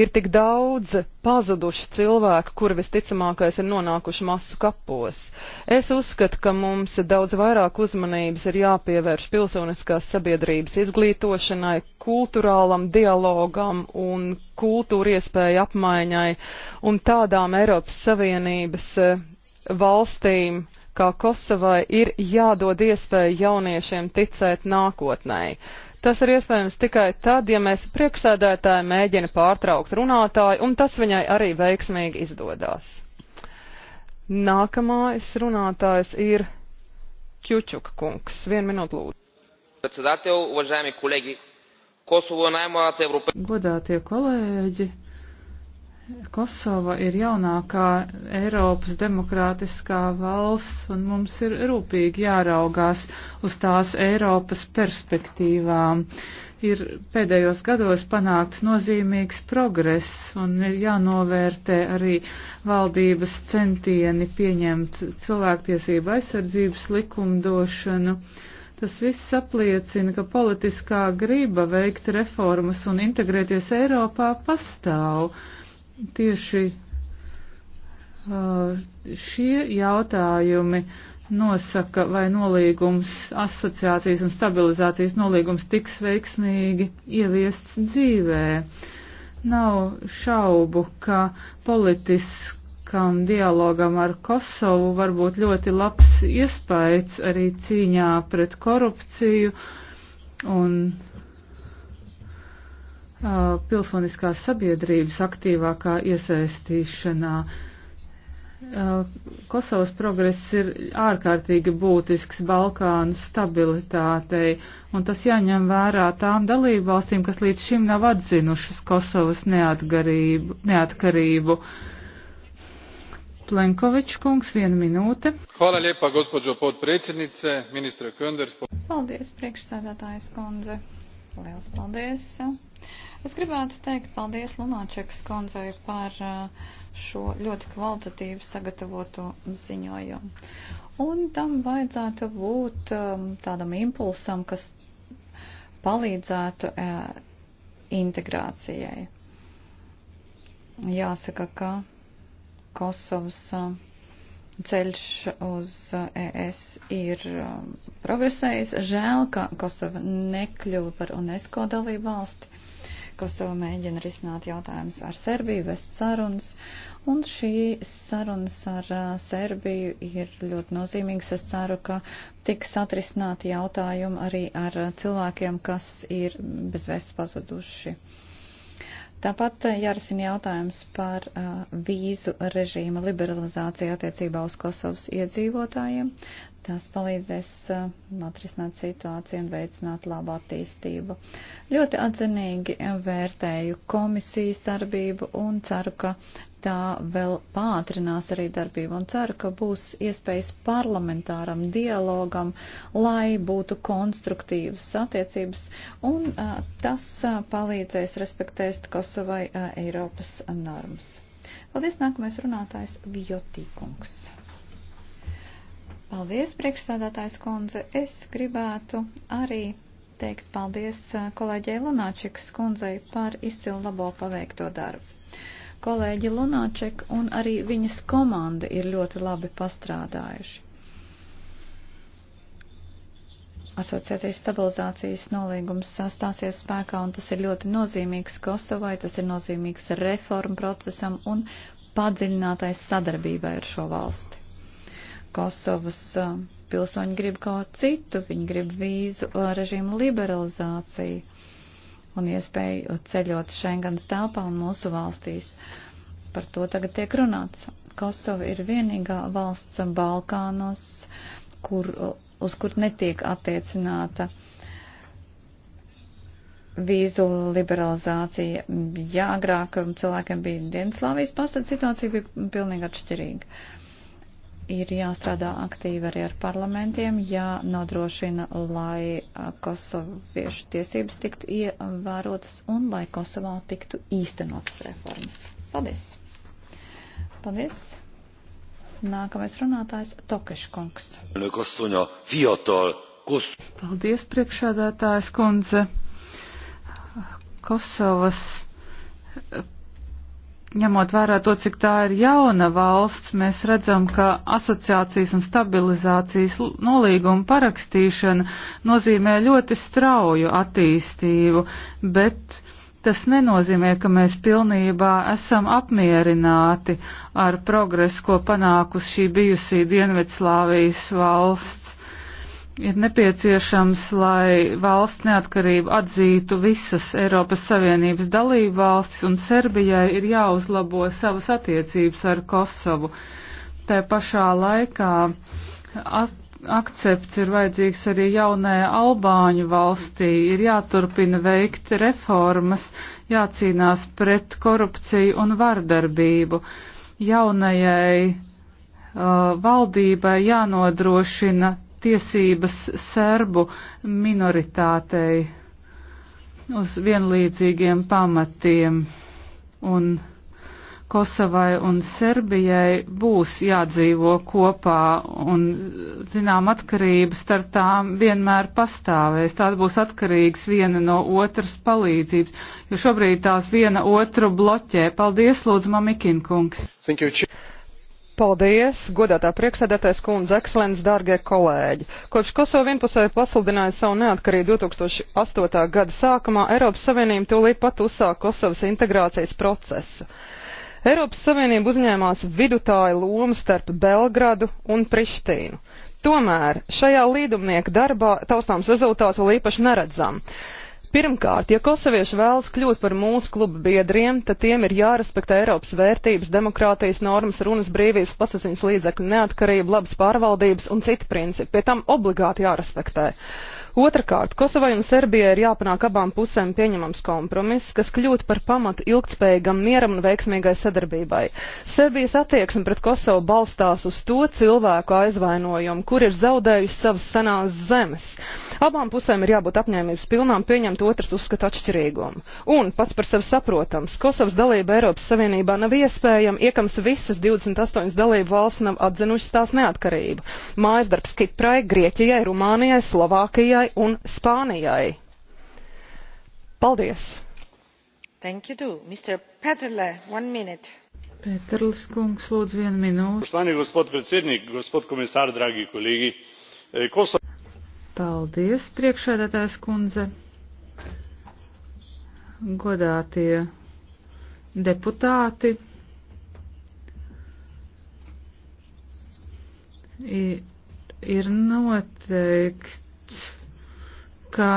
Ir tik daudz pazudušu cilvēku, kuri visticamākais ir nonākuši masu kapos. Es uzskatu, ka mums daudz vairāk uzmanības ir jāpievērš pilsoniskās sabiedrības izglītošanai, kulturālam dialogam un kultūra iespēju apmaiņai un tādām Eiropas Savienības eh, valstīm, kā Kosovai ir jādod iespēja jauniešiem ticēt nākotnēji. Tas ir iespējams tikai tad, ja mēs priekšsēdētāji mēģina pārtraukt runātāju, un tas viņai arī veiksmīgi izdodas. Nākamais runātājs ir Kjučuk kungs. Vienu minūtu lūdzu. Godātie kolēģi, Kosova ir jaunākā Eiropas demokrātiskā valsts, un mums ir rūpīgi jāraugās uz tās Eiropas perspektīvām. Ir pēdējos gados panākts nozīmīgs progress, un ir jānovērtē arī valdības centieni pieņemt cilvēktiesību aizsardzības likumdošanu. Tas viss apliecina, ka politiskā griba veikt reformas un integrēties Eiropā pastāv tieši šie jautājumi nosaka, vai nolīgums, asociācijas un stabilizācijas nolīgums tiks veiksmīgi ieviests dzīvē. Nav šaubu, ka politiskam dialogam ar Kosovu var būt ļoti labs iespējas arī cīņā pret korupciju un Uh, pilsoniskās sabiedrības aktīvākā iesaistīšanā. Uh, Kosovas progress ir ārkārtīgi būtisks Balkānu stabilitātei, un tas jāņem vērā tām dalībvalstīm, kas līdz šim nav atzinušas Kosovas neatkarību. Plenkovičs kungs, viena minūte. Hvala liepa, gospođo podpredsjednice, ministra Könders. Paldies, priekšsēdētājs kundze. Liels paldies Es gribētu teikt paldies Lunāčekas kundzei par uh, šo ļoti kvalitatīvu sagatavoto ziņojumu. Un tam vajadzētu būt um, tādam impulsam, kas palīdzētu uh, integrācijai. Jāsaka, ka Kosovas uh, ceļš uz ES ir um, progresējis. Žēl, ka Kosova nekļuva par UNESCO dalību valsti Kosova mēģina risināt jautājumus ar Serbiju, vest sarunas, un šī sarunas ar Serbiju ir ļoti nozīmīgas. Es ceru, ka tiks atrisināti jautājumi arī ar cilvēkiem, kas ir bezvēsts pazuduši. Tāpat jārisina jautājums par vīzu režīma liberalizāciju attiecībā uz Kosovas iedzīvotājiem. Tās palīdzēs uh, atrisināt situāciju un veicināt labu attīstību. Ļoti atzinīgi vērtēju komisijas darbību un ceru, ka tā vēl pātrinās arī darbību un ceru, ka būs iespējas parlamentāram dialogam, lai būtu konstruktīvas attiecības un uh, tas uh, palīdzēs respektēt Kosovai uh, Eiropas normas. Paldies, nākamais runātājs Vjotīkungs. Paldies, priekšstādātājs kundze. Es gribētu arī teikt paldies kolēģei Lunāčikas kundzei par izcilu labo paveikto darbu. Kolēģi Lunāček un arī viņas komanda ir ļoti labi pastrādājuši. Asociācijas stabilizācijas nolīgums sastāsies spēkā, un tas ir ļoti nozīmīgs Kosovai, tas ir nozīmīgs reformu procesam un padziļinātais sadarbībai ar šo valsti. Kosovas um, pilsoņi grib kaut ko citu, viņi grib vīzu uh, režīmu liberalizāciju un iespēju ceļot Schengens telpā un mūsu valstīs. Par to tagad tiek runāts. Kosova ir vienīgā valsts Balkānos, kur, uz kur netiek attiecināta vīzu liberalizācija. Jā, agrāk cilvēkiem bija Dienaslāvijas pasta, situācija bija pilnīgi atšķirīga. Uh, ir jāstrādā aktīvi arī ar parlamentiem, jānodrošina, lai kosoviešu tiesības tiktu ievērotas un lai Kosovā tiktu īstenotas reformas. Paldies! Paldies! Nākamais runātājs Tokeškungs. Paldies, priekšādātājs kundze! Kosovas ņemot vērā to, cik tā ir jauna valsts, mēs redzam, ka asociācijas un stabilizācijas nolīguma parakstīšana nozīmē ļoti strauju attīstību, bet tas nenozīmē, ka mēs pilnībā esam apmierināti ar progresu, ko panākus šī bijusī Dienvidslāvijas valsts ir nepieciešams, lai valsts neatkarību atzītu visas Eiropas Savienības dalību valstis, un Serbijai ir jāuzlabo savas attiecības ar Kosovu. Tā pašā laikā at, akcepts ir vajadzīgs arī jaunajai Albāņu valstī, ir jāturpina veikt reformas, jācīnās pret korupciju un vardarbību. Jaunajai uh, valdībai jānodrošina tiesības serbu minoritātei uz vienlīdzīgiem pamatiem. Un Kosovai un Serbijai būs jādzīvo kopā un, zinām, atkarības starp tām vienmēr pastāvēs. Tās būs atkarīgas viena no otras palīdzības, jo šobrīd tās viena otru bloķē. Paldies, lūdzu, Mamikinkungs. Thank you. Paldies, godātā priekšsēdētājs kundze, ekscelents, dārgie kolēģi! Kopš Kosovo vienpusēji pasludināja savu neatkarību 2008. gada sākumā, Eiropas Savienība tūlīt pat uzsāka Kosovas integrācijas procesu. Eiropas Savienība uzņēmās vidutāju lomu starp Belgradu un Prištīnu. Tomēr šajā līdumnieka darbā taustāms rezultāts vēl īpaši neredzam. Pirmkārt, ja kosovieši vēlas kļūt par mūsu klubu biedriem, tad tiem ir jārespektē Eiropas vērtības, demokrātijas normas, runas brīvības, plasaziņas līdzekļu neatkarība, labas pārvaldības un citi principi. Pie tam obligāti jārespektē. Uh, Otrakārt, Kosovai un Serbijai ir jāpanāk abām pusēm pieņemams kompromiss, kas kļūtu par pamatu ilgtspējīgam mieram un veiksmīgai sadarbībai. Serbijas attieksme pret Kosovu balstās uz to cilvēku aizvainojumu, kur ir zaudējuši savas senās zemes. Abām pusēm ir jābūt apņēmības pilnām pieņemt otras uzskatu atšķirīgumu. Un, pats par sevi saprotams, Kosovas dalība Eiropas Savienībā nav iespējama, iekams visas 28 dalību valsts nav atzinušas tās neatkarību. Mājas darbs Kiprai, Grieķijai, Rumānijai, Slovākijai, Grieķijai un Spānijai. Paldies! Thank you too. Mr. Peterle, one minute. Peterlis kungs, lūdzu, vienu minūti. Slani, gospod predsednik, gospod komisār, dragi kolēģi. E, Koso... Paldies, priekšēdētājs kundze. Godātie deputāti. ir noteikts ka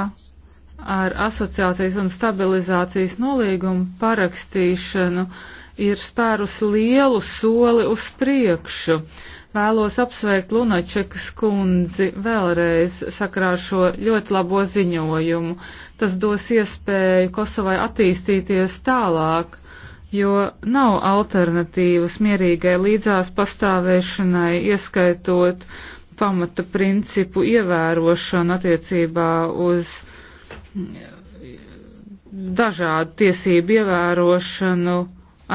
ar asociācijas un stabilizācijas nolīgumu parakstīšanu ir spērus lielu soli uz priekšu. Vēlos apsveikt Lunačekas kundzi vēlreiz sakrā šo ļoti labo ziņojumu. Tas dos iespēju Kosovai attīstīties tālāk, jo nav alternatīvas mierīgai līdzās pastāvēšanai, ieskaitot pamata principu ievērošanu attiecībā uz dažādu tiesību ievērošanu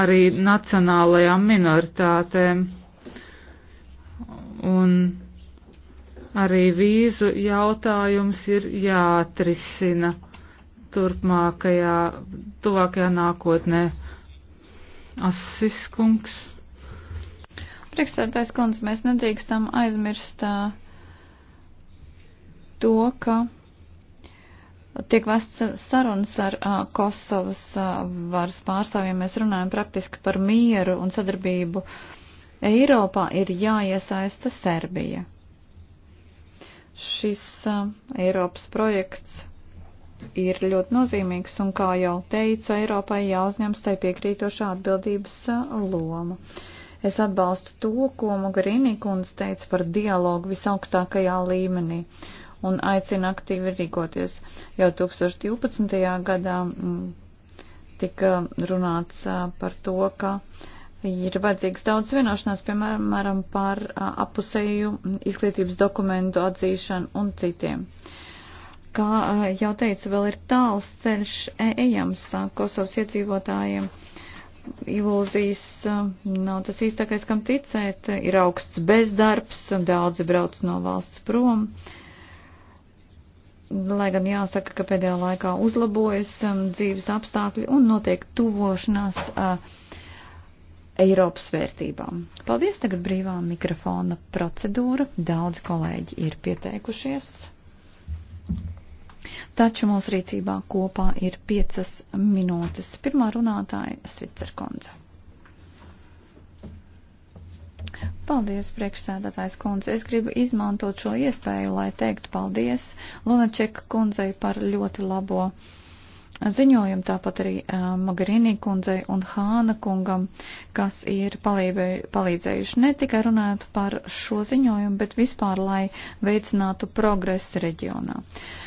arī nacionālajām minoritātēm un arī vīzu jautājums ir jāatrisina turpmākajā, tuvākajā nākotnē. Assiskungs. Priekšsēdētājs kundze, mēs nedrīkstam aizmirst to, ka tiek vests sarunas ar uh, Kosovas uh, varas pārstāvjiem. Mēs runājam praktiski par mieru un sadarbību. Eiropā ir jāiesaista Serbija. Šis uh, Eiropas projekts ir ļoti nozīmīgs un, kā jau teicu, Eiropai jāuzņems tai piekrītošā atbildības uh, loma. Uh, Es atbalstu to, ko Mogherini kundze teica par dialogu visaugstākajā līmenī un aicina aktīvi rīkoties. Jau 2012. gadā mm, tika runāts par to, ka ir vajadzīgs daudz vienošanās, piemēram, par apusēju izglītības dokumentu atzīšanu un citiem kā jau teicu, vēl ir tāls ceļš e, ejams Kosovas iedzīvotājiem ilūzijas, nav tas īstākais, kam ticēt. Ir augsts bezdarbs, daudzi brauc no valsts prom. Lai gan jāsaka, ka pēdējā laikā uzlabojas dzīves apstākļi un notiek tuvošanās Eiropas vērtībām. Paldies, tagad brīvā mikrofona procedūra. Daudzi kolēģi ir pieteikušies. Thank you. Taču mūsu rīcībā kopā ir piecas minūtes. Pirmā runātāja - Svicerkundze. Paldies, priekšsēdētājs kundze. Es gribu izmantot šo iespēju, lai teiktu paldies Lunačeka kundzei par ļoti labo ziņojumu, tāpat arī uh, Magarinī kundzei un Hāna kungam, kas ir palībē, palīdzējuši ne tikai runājot par šo ziņojumu, bet vispār, lai veicinātu progresu reģionā. Uh,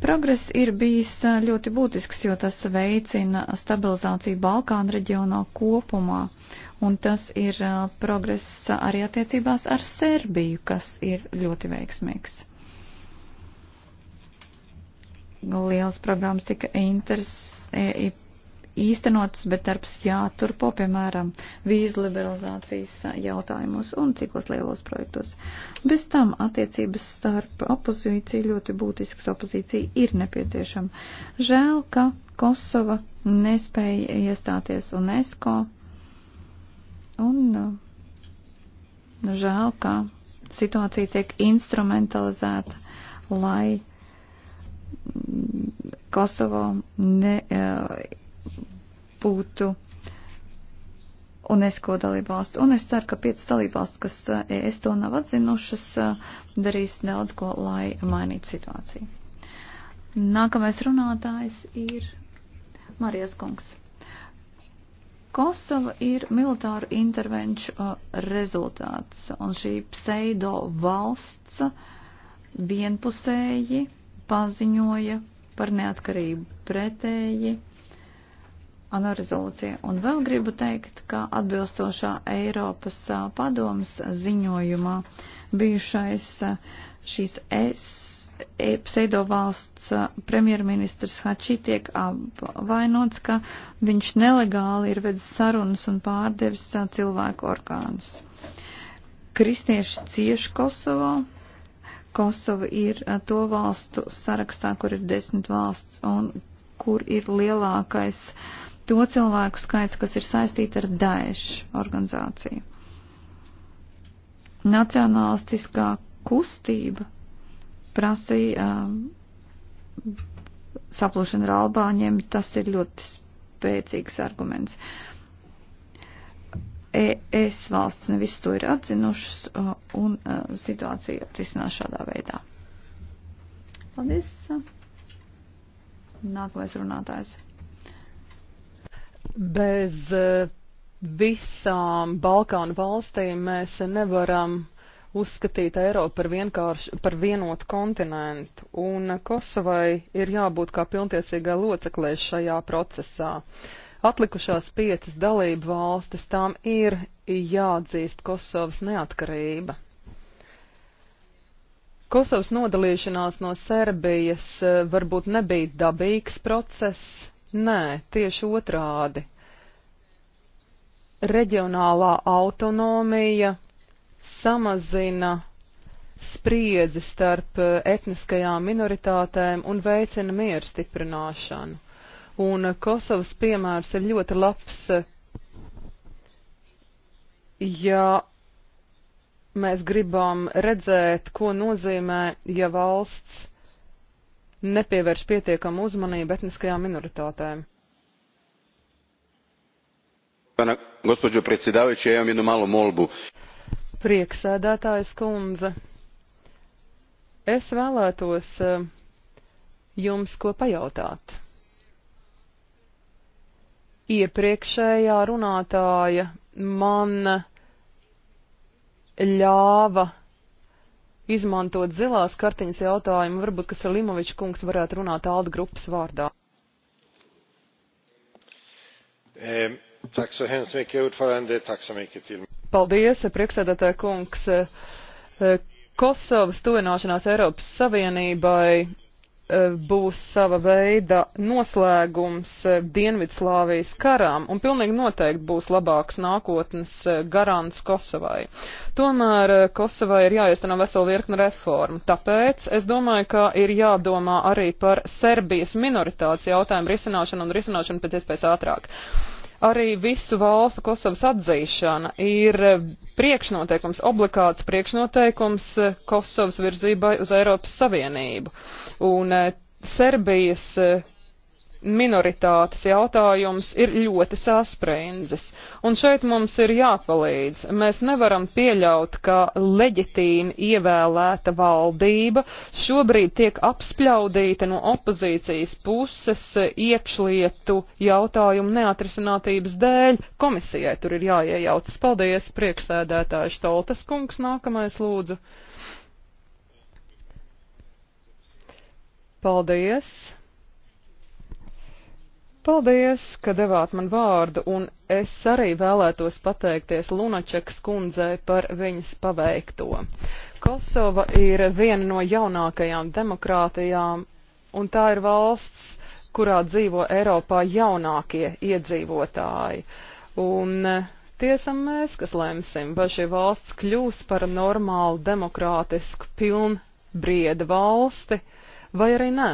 Progress ir bijis eh, ļoti būtisks, jo tas veicina stabilizāciju Balkānu reģionā kopumā, un tas ir eh, progress arī attiecībās ar Serbiju, kas ir ļoti veiksmīgs. Liels programmas tika interes, e, īstenots, bet darbs jāturpo, piemēram, vīzu liberalizācijas jautājumos un ciklos lielos projektos. Bez tam attiecības starp opozīciju ļoti būtisks opozīcija ir nepieciešama. Žēl, ka Kosova nespēja iestāties UNESCO un uh, žēl, ka situācija tiek instrumentalizēta, lai mm, Kosovo ne, uh, būtu UNESCO dalībvalsts. Un es ceru, ka piecas dalībvalsts, kas eh, es to nav atzinušas, eh, darīs daudz ko, lai mainītu situāciju. Nākamais runātājs ir Marijas kungs. Kosova ir militāru intervenču eh, rezultāts, un šī pseido valsts vienpusēji paziņoja par neatkarību pretēji ANO rezolūcija. Un vēl gribu teikt, ka atbilstošā Eiropas padomas ziņojumā bijušais šīs es, e, pseido valsts premjerministrs Hači tiek apvainots, ka viņš nelegāli ir vedis sarunas un pārdevis cilvēku orgānus. Kristieši cieši Kosovo. Kosova ir to valstu sarakstā, kur ir desmit valsts un kur ir lielākais uh, to cilvēku skaits, kas ir saistīti ar Daesh organizāciju. Nacionālistiskā kustība prasīja um, saplūšanu ar Albāņiem, tas ir ļoti spēcīgs arguments. ES valsts nevis to ir atzinušas uh, un uh, situācija atrisinās šādā veidā. Paldies. Nākamais runātājs. Bez eh, visām Balkānu valstīm mēs nevaram uzskatīt Eiropu par, vienkārši, par vienotu kontinentu, un Kosovai ir jābūt kā pilntiesīgai loceklē šajā procesā. Atlikušās piecas dalību valstis tām ir jāatzīst Kosovas neatkarība. Kosovas nodalīšanās no Serbijas eh, varbūt nebija dabīgs process, Nē, tieši otrādi. Reģionālā autonomija samazina spriedzi starp eh, etniskajām minoritātēm un veicina mieru stiprināšanu. Un Kosovas piemērs ir ļoti labs, ja mēs gribam redzēt, ko nozīmē, ja valsts nepievērš pietiekamu uzmanību etniskajām minoritātēm. Gospođo predsjedavajuća, ja imam jednu malu molbu. Prieksēdētājs kundze, es vēlētos eh, jums ko pajautāt. Iepriekšējā runātāja man ļāva izmantot zilās kartiņas jautājumu. Varbūt, ka Salimovičs kungs varētu runāt ALDE grupas vārdā. Paldies, priekšsēdētāja kungs. Kosovas tuvināšanās Eiropas Savienībai E, būs sava veida noslēgums e, Dienvidslāvijas karam un pilnīgi noteikti būs labāks nākotnes e, garants Kosovai. Tomēr Kosovai ir jāiesteno vesela virkna reforma, tāpēc es domāju, ka ir jādomā arī par Serbijas minoritātes jautājumu risināšanu un risināšanu pēc iespējas ātrāk. Uh, Arī visu valstu Kosovas atzīšana ir priekšnoteikums, obligāts priekšnoteikums Kosovas virzībai uz Eiropas Savienību. Un eh, Serbijas eh, minoritātes jautājums ir ļoti sāsprindzis, un šeit mums ir jāpalīdz. Mēs nevaram pieļaut, ka leģitīmi ievēlēta valdība šobrīd tiek apspļaudīta no opozīcijas puses iekšlietu jautājumu neatrisinātības dēļ. Komisijai tur ir jāiejaucas. Paldies, prieksēdētājs Toltas kungs, nākamais lūdzu. Paldies! Paldies, ka devāt man vārdu, un es arī vēlētos pateikties Lunačekas kundzei par viņas paveikto. Kosova ir viena no jaunākajām demokrātijām, un tā ir valsts, kurā dzīvo Eiropā jaunākie iedzīvotāji. Un eh, tiesam mēs, kas lemsim, vai šī valsts kļūs par normālu, demokrātisku, pilnbrieda valsti, vai arī nē.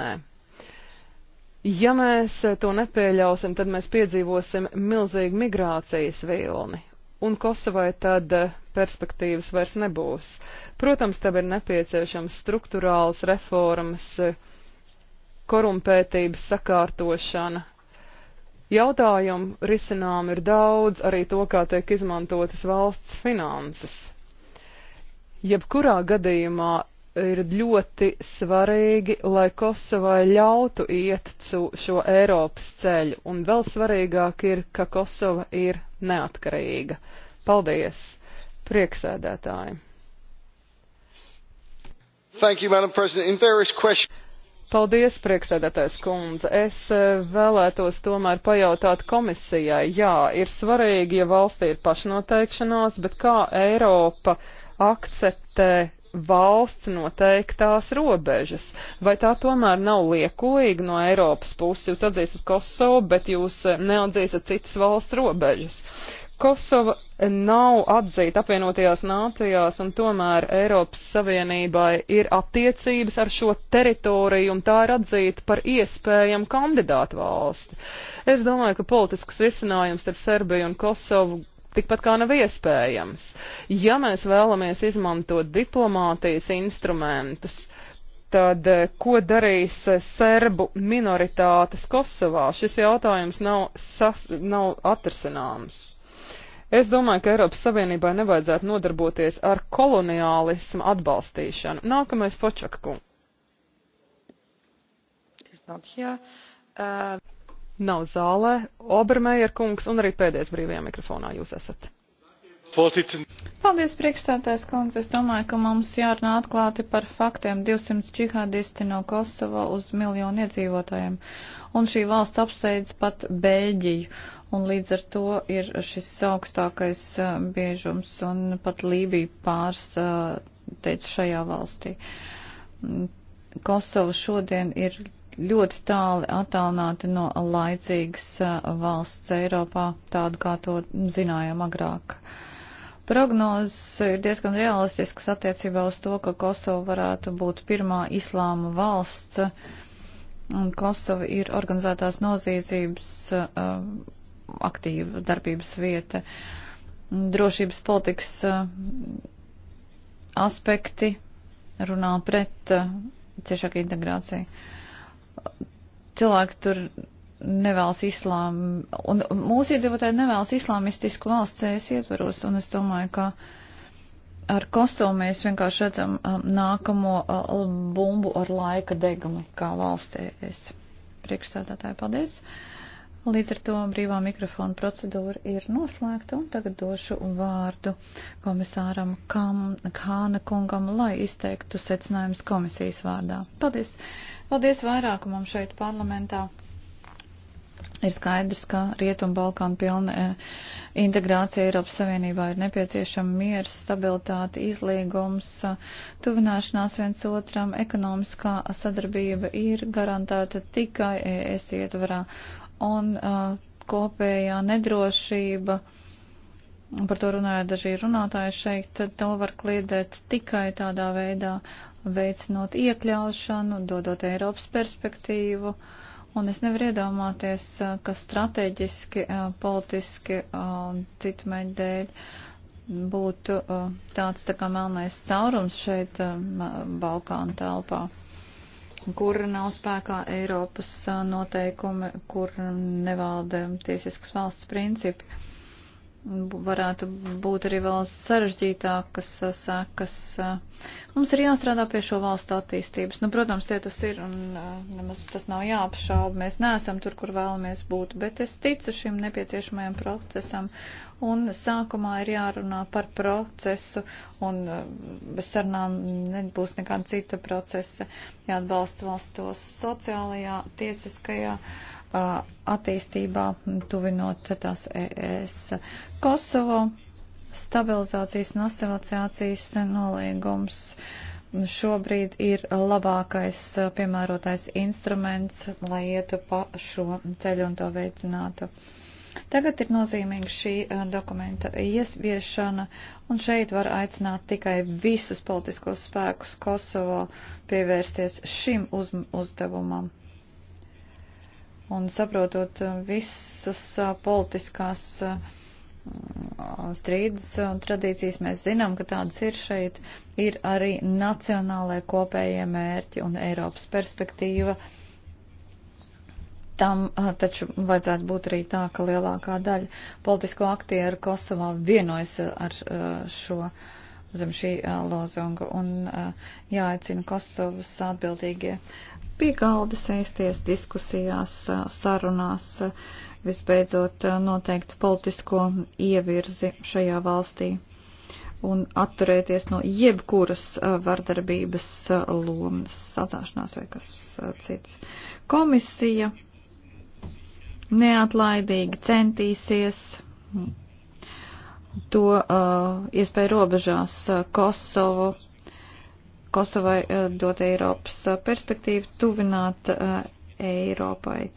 Ja mēs to nepieļausim, tad mēs piedzīvosim milzīgu migrācijas vilni. Un Kosovai tad perspektīvas vairs nebūs. Protams, tam ir nepieciešams struktūrāls reformas, korumpētības sakārtošana. Jautājumu risinām ir daudz, arī to, kā tiek izmantotas valsts finanses. Jebkurā gadījumā ir ļoti svarīgi, lai Kosovai ļautu iet šo Eiropas ceļu, un vēl svarīgāk ir, ka Kosova ir neatkarīga. Paldies, prieksēdētāji! You, Paldies, priekšsēdētājs kundze. Es e, vēlētos tomēr pajautāt komisijai. Jā, ir svarīgi, ja valstī ir pašnoteikšanās, bet kā Eiropa akceptē valsts noteiktās robežas. Vai tā tomēr nav liekulīga no Eiropas puses? Jūs atzīstat Kosovu, bet jūs eh, neatzīstat citas valsts robežas. Kosova nav atzīta apvienotajās nācijās, un tomēr Eiropas Savienībai ir attiecības ar šo teritoriju, un tā ir atzīta par iespējamu kandidātu valsti. Es domāju, ka politisks risinājums starp Serbiju un Kosovu tikpat kā nav iespējams. Ja mēs vēlamies izmantot diplomātijas instrumentus, tad eh, ko darīs eh, serbu minoritātes Kosovā? Šis jautājums nav, sas, nav atrasināms. Es domāju, ka Eiropas Savienībai nevajadzētu nodarboties ar koloniālismu atbalstīšanu. Nākamais počakku. Uh nav zālē. Obermējer kungs un arī pēdējais brīvajā mikrofonā jūs esat. Paldies, priekšstādājs kundze. Es domāju, ka mums jārunā atklāti par faktiem. 200 džihādisti no Kosova uz miljonu iedzīvotājiem. Un šī valsts apsteidz pat Beļģiju. Un līdz ar to ir šis augstākais biežums. Un pat Lībija pārs teica šajā valstī. Mm, Kosova šodien ir ļoti tāli attālināti no laicīgas eh, valsts Eiropā, tādu kā to zinājām agrāk. Prognozes ir diezgan realistiskas attiecībā uz to, ka Kosova varētu būt pirmā islāma valsts, un Kosova ir organizētās noziedzības eh, aktīva darbības vieta. Drošības politikas eh, aspekti runā pret ciešāku integrāciju cilvēki tur nevēlas islāmu, un mūsu iedzīvotāji nevēlas islāmistisku valsts cēs ietvaros, un es domāju, ka ar Kosovu mēs vienkārši redzam um, nākamo uh, bumbu ar laika degumu kā valstēs. Priekšstādātāji, paldies! Līdz ar to brīvā mikrofona procedūra ir noslēgta, un tagad došu vārdu komisāram Kam, Kāna kungam, lai izteiktu secinājumus komisijas vārdā. Paldies! Paldies vairākumam šeit parlamentā. Ir skaidrs, ka Rietumbalkāna pilna e, integrācija Eiropas Savienībā ir nepieciešama miers, stabilitāte, izlīgums, e, tuvināšanās viens otram, ekonomiskā sadarbība ir garantēta tikai ES ietvarā un uh, kopējā nedrošība. Uh, par to runāja daži runātāji šeit, tad to var kliedēt tikai tādā veidā, veicinot iekļaušanu, dodot Eiropas perspektīvu. Un es nevaru iedomāties, ka strateģiski, politiski un citu mēģi dēļ būtu tāds tā kā melnais caurums šeit Balkāna telpā, kur nav spēkā Eiropas noteikumi, kur nevalda tiesiskas valsts principi varētu būt arī vēl sarežģītākas uh, sekas. Uh. Mums ir jāstrādā pie šo valstu attīstības. Nu, protams, tie tas ir, un uh, nemaz tas nav jāapšauba. Mēs neesam tur, kur vēlamies būt, bet es ticu šim nepieciešamajam procesam. Un sākumā ir jārunā par procesu, un bez sarunām nebūs nekāda cita procesa. Jāatbalsta valsts tos sociālajā, tiesiskajā. Uh, attīstībā, tuvinot tās ES. Kosovo stabilizācijas un asociācijas nolīgums šobrīd ir labākais uh, piemērotais instruments, lai ietu pa šo ceļu un to veicinātu. Tagad ir nozīmīga šī uh, dokumenta iesviešana, un šeit var aicināt tikai visus politiskos spēkus Kosovo pievērsties šim uz, uzdevumam un saprotot uh, visas uh, politiskās uh, strīdas un tradīcijas, mēs zinām, ka tādas ir šeit, ir arī nacionālai kopējie mērķi un Eiropas perspektīva. Tam taču vajadzētu būt arī tā, ka lielākā daļa politisko aktieru Kosovā vienojas ar šo zem šī lozonga un jāaicina Kosovas atbildīgie uh, pie galda sēsties diskusijās, sarunās, visbeidzot noteikt politisko ievirzi šajā valstī un atturēties no jebkuras uh, vardarbības uh, lomas, satāšanās vai kas uh, cits. Komisija neatlaidīgi centīsies to uh, iespēju robežās Kosovo Kosovai eh, dot Eiropas eh, perspektīvu, tuvināt eh, Eiropai.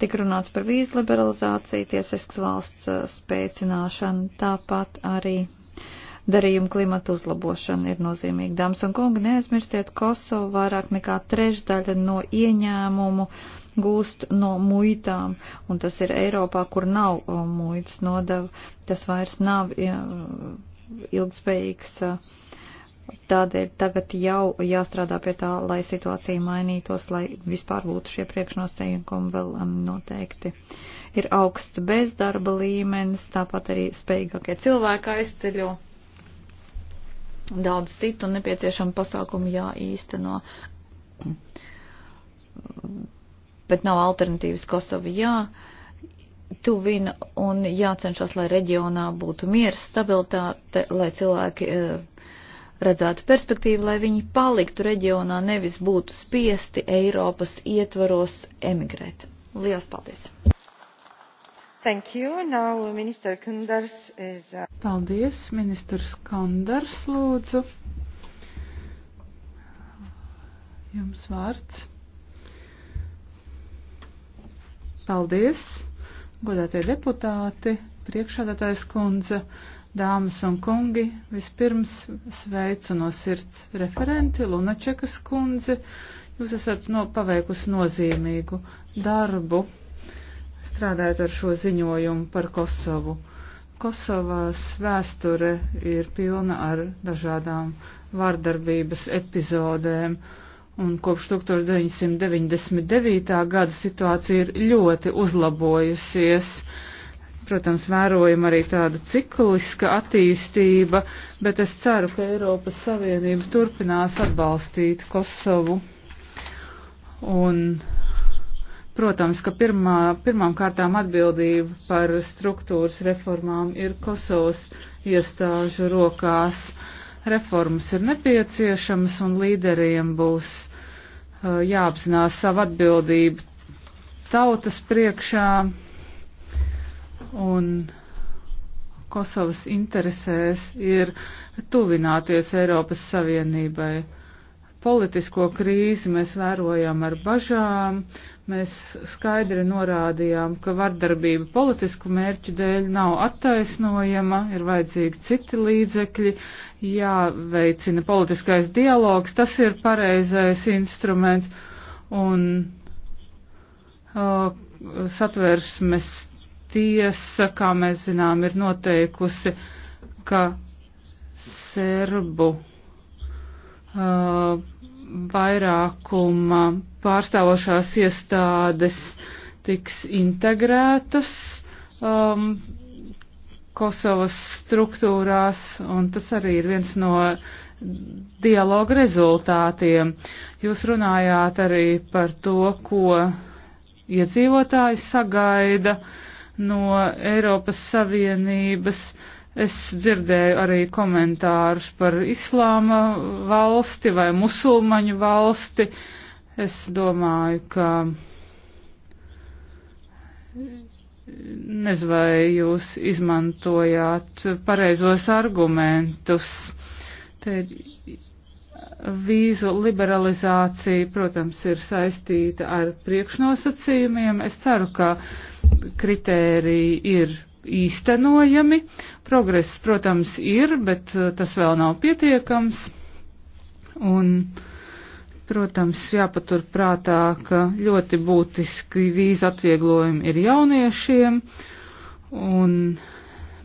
Tik runāts par vīzu liberalizāciju, tiesisks valsts spēcināšanu, tāpat arī darījuma klimata uzlabošana ir nozīmīga. Dāmas un kungi, neaizmirstiet, Kosovo vairāk nekā trešdaļa no ieņēmumu gūst no muitām, un tas ir Eiropā, kur nav muitas nodeva, tas vairs nav ilgspējīgs. Uh, Tādēļ tagad jau jāstrādā pie tā, lai situācija mainītos, lai vispār būtu šie priekšnosacījumi vēl um, noteikti. Ir augsts bezdarba līmenis, tāpat arī spējīgākie cilvēki aizceļo. Daudz citu nepieciešamu pasākumu jāīsteno. Bet nav alternatīvas Kosovi jā. Tuvina un jācenšas, lai reģionā būtu miers, stabilitāte, lai cilvēki. Uh, redzētu perspektīvu, lai viņi paliktu reģionā, nevis būtu spiesti Eiropas ietvaros emigrēt. Lielas paldies! Thank you. Now Minister Kunders is... Uh, paldies, ministrs Kunders, lūdzu. Jums vārds. Paldies, godātie deputāti, priekšādātājs kundze. Uh, Dāmas un kungi, vispirms sveicu no sirds referenti Lunačekas kundzi. Jūs esat no, paveikusi nozīmīgu darbu, strādājot ar šo ziņojumu par Kosovu. Kosovās vēsture ir pilna ar dažādām vārdarbības epizodēm, un kopš 1999. gada situācija ir ļoti uzlabojusies Protams, vērojam arī tāda cikliska attīstība, bet es ceru, ka Eiropas Savienība turpinās atbalstīt Kosovu. Un, protams, ka pirmā, pirmām kārtām atbildība par struktūras reformām ir Kosovas iestāžu rokās. Reformas ir nepieciešamas un līderiem būs uh, jāapzinās savu atbildību tautas priekšā un Kosovas interesēs ir tuvināties Eiropas Savienībai. Politisko krīzi mēs vērojam ar bažām, mēs skaidri norādījām, ka vardarbība politisku mērķu dēļ nav attaisnojama, ir vajadzīgi citi līdzekļi, jāveicina politiskais dialogs, tas ir pareizais instruments un uh, satversmes tiesa, kā mēs zinām, ir noteikusi, ka serbu uh, vairākuma pārstāvošās iestādes tiks integrētas um, Kosovas struktūrās, un tas arī ir viens no dialoga rezultātiem. Jūs runājāt arī par to, ko iedzīvotājs sagaida. Uh, no Eiropas Savienības. Es dzirdēju arī komentārus par islāma valsti vai musulmaņu valsti. Es domāju, ka nezinu, vai jūs izmantojāt pareizos argumentus. Te ir vīzu liberalizācija, protams, ir saistīta ar priekšnosacījumiem. Es ceru, ka kritēriji ir īstenojami. Progress, protams, ir, bet uh, tas vēl nav pietiekams. Un, protams, jāpatur prātā, ka ļoti būtiski vīzu atvieglojumi ir jauniešiem. Un,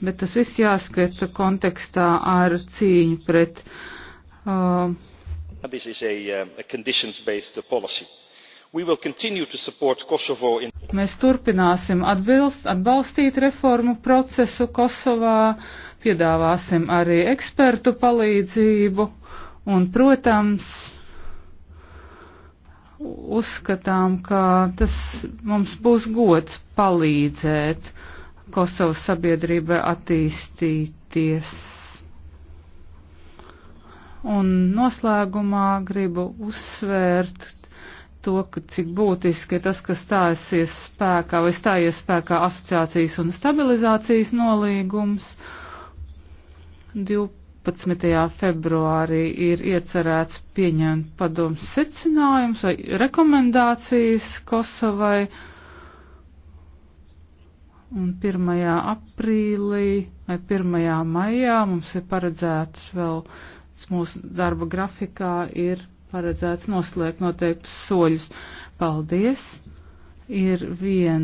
bet tas viss jāskata kontekstā ar cīņu pret uh, Uh, This is a, uh, a conditions-based policy. We will continue to support Kosovo in Mēs turpināsim atbilst, atbalstīt reformu procesu Kosovā, piedāvāsim arī ekspertu palīdzību un, protams, uzskatām, ka tas mums būs gods palīdzēt Kosovas sabiedrībai attīstīties. Un noslēgumā gribu uzsvērt to, ka cik būtiski tas, ka stāsies spēkā vai stājies spēkā asociācijas un stabilizācijas nolīgums. 12. februārī ir iecerēts pieņemt padomus secinājums vai rekomendācijas Kosovai. Un 1. aprīlī vai 1. maijā mums ir paredzēts vēl mūsu darba grafikā ir paredzēts noslēgt noteiktus soļus. Paldies! Ir viens.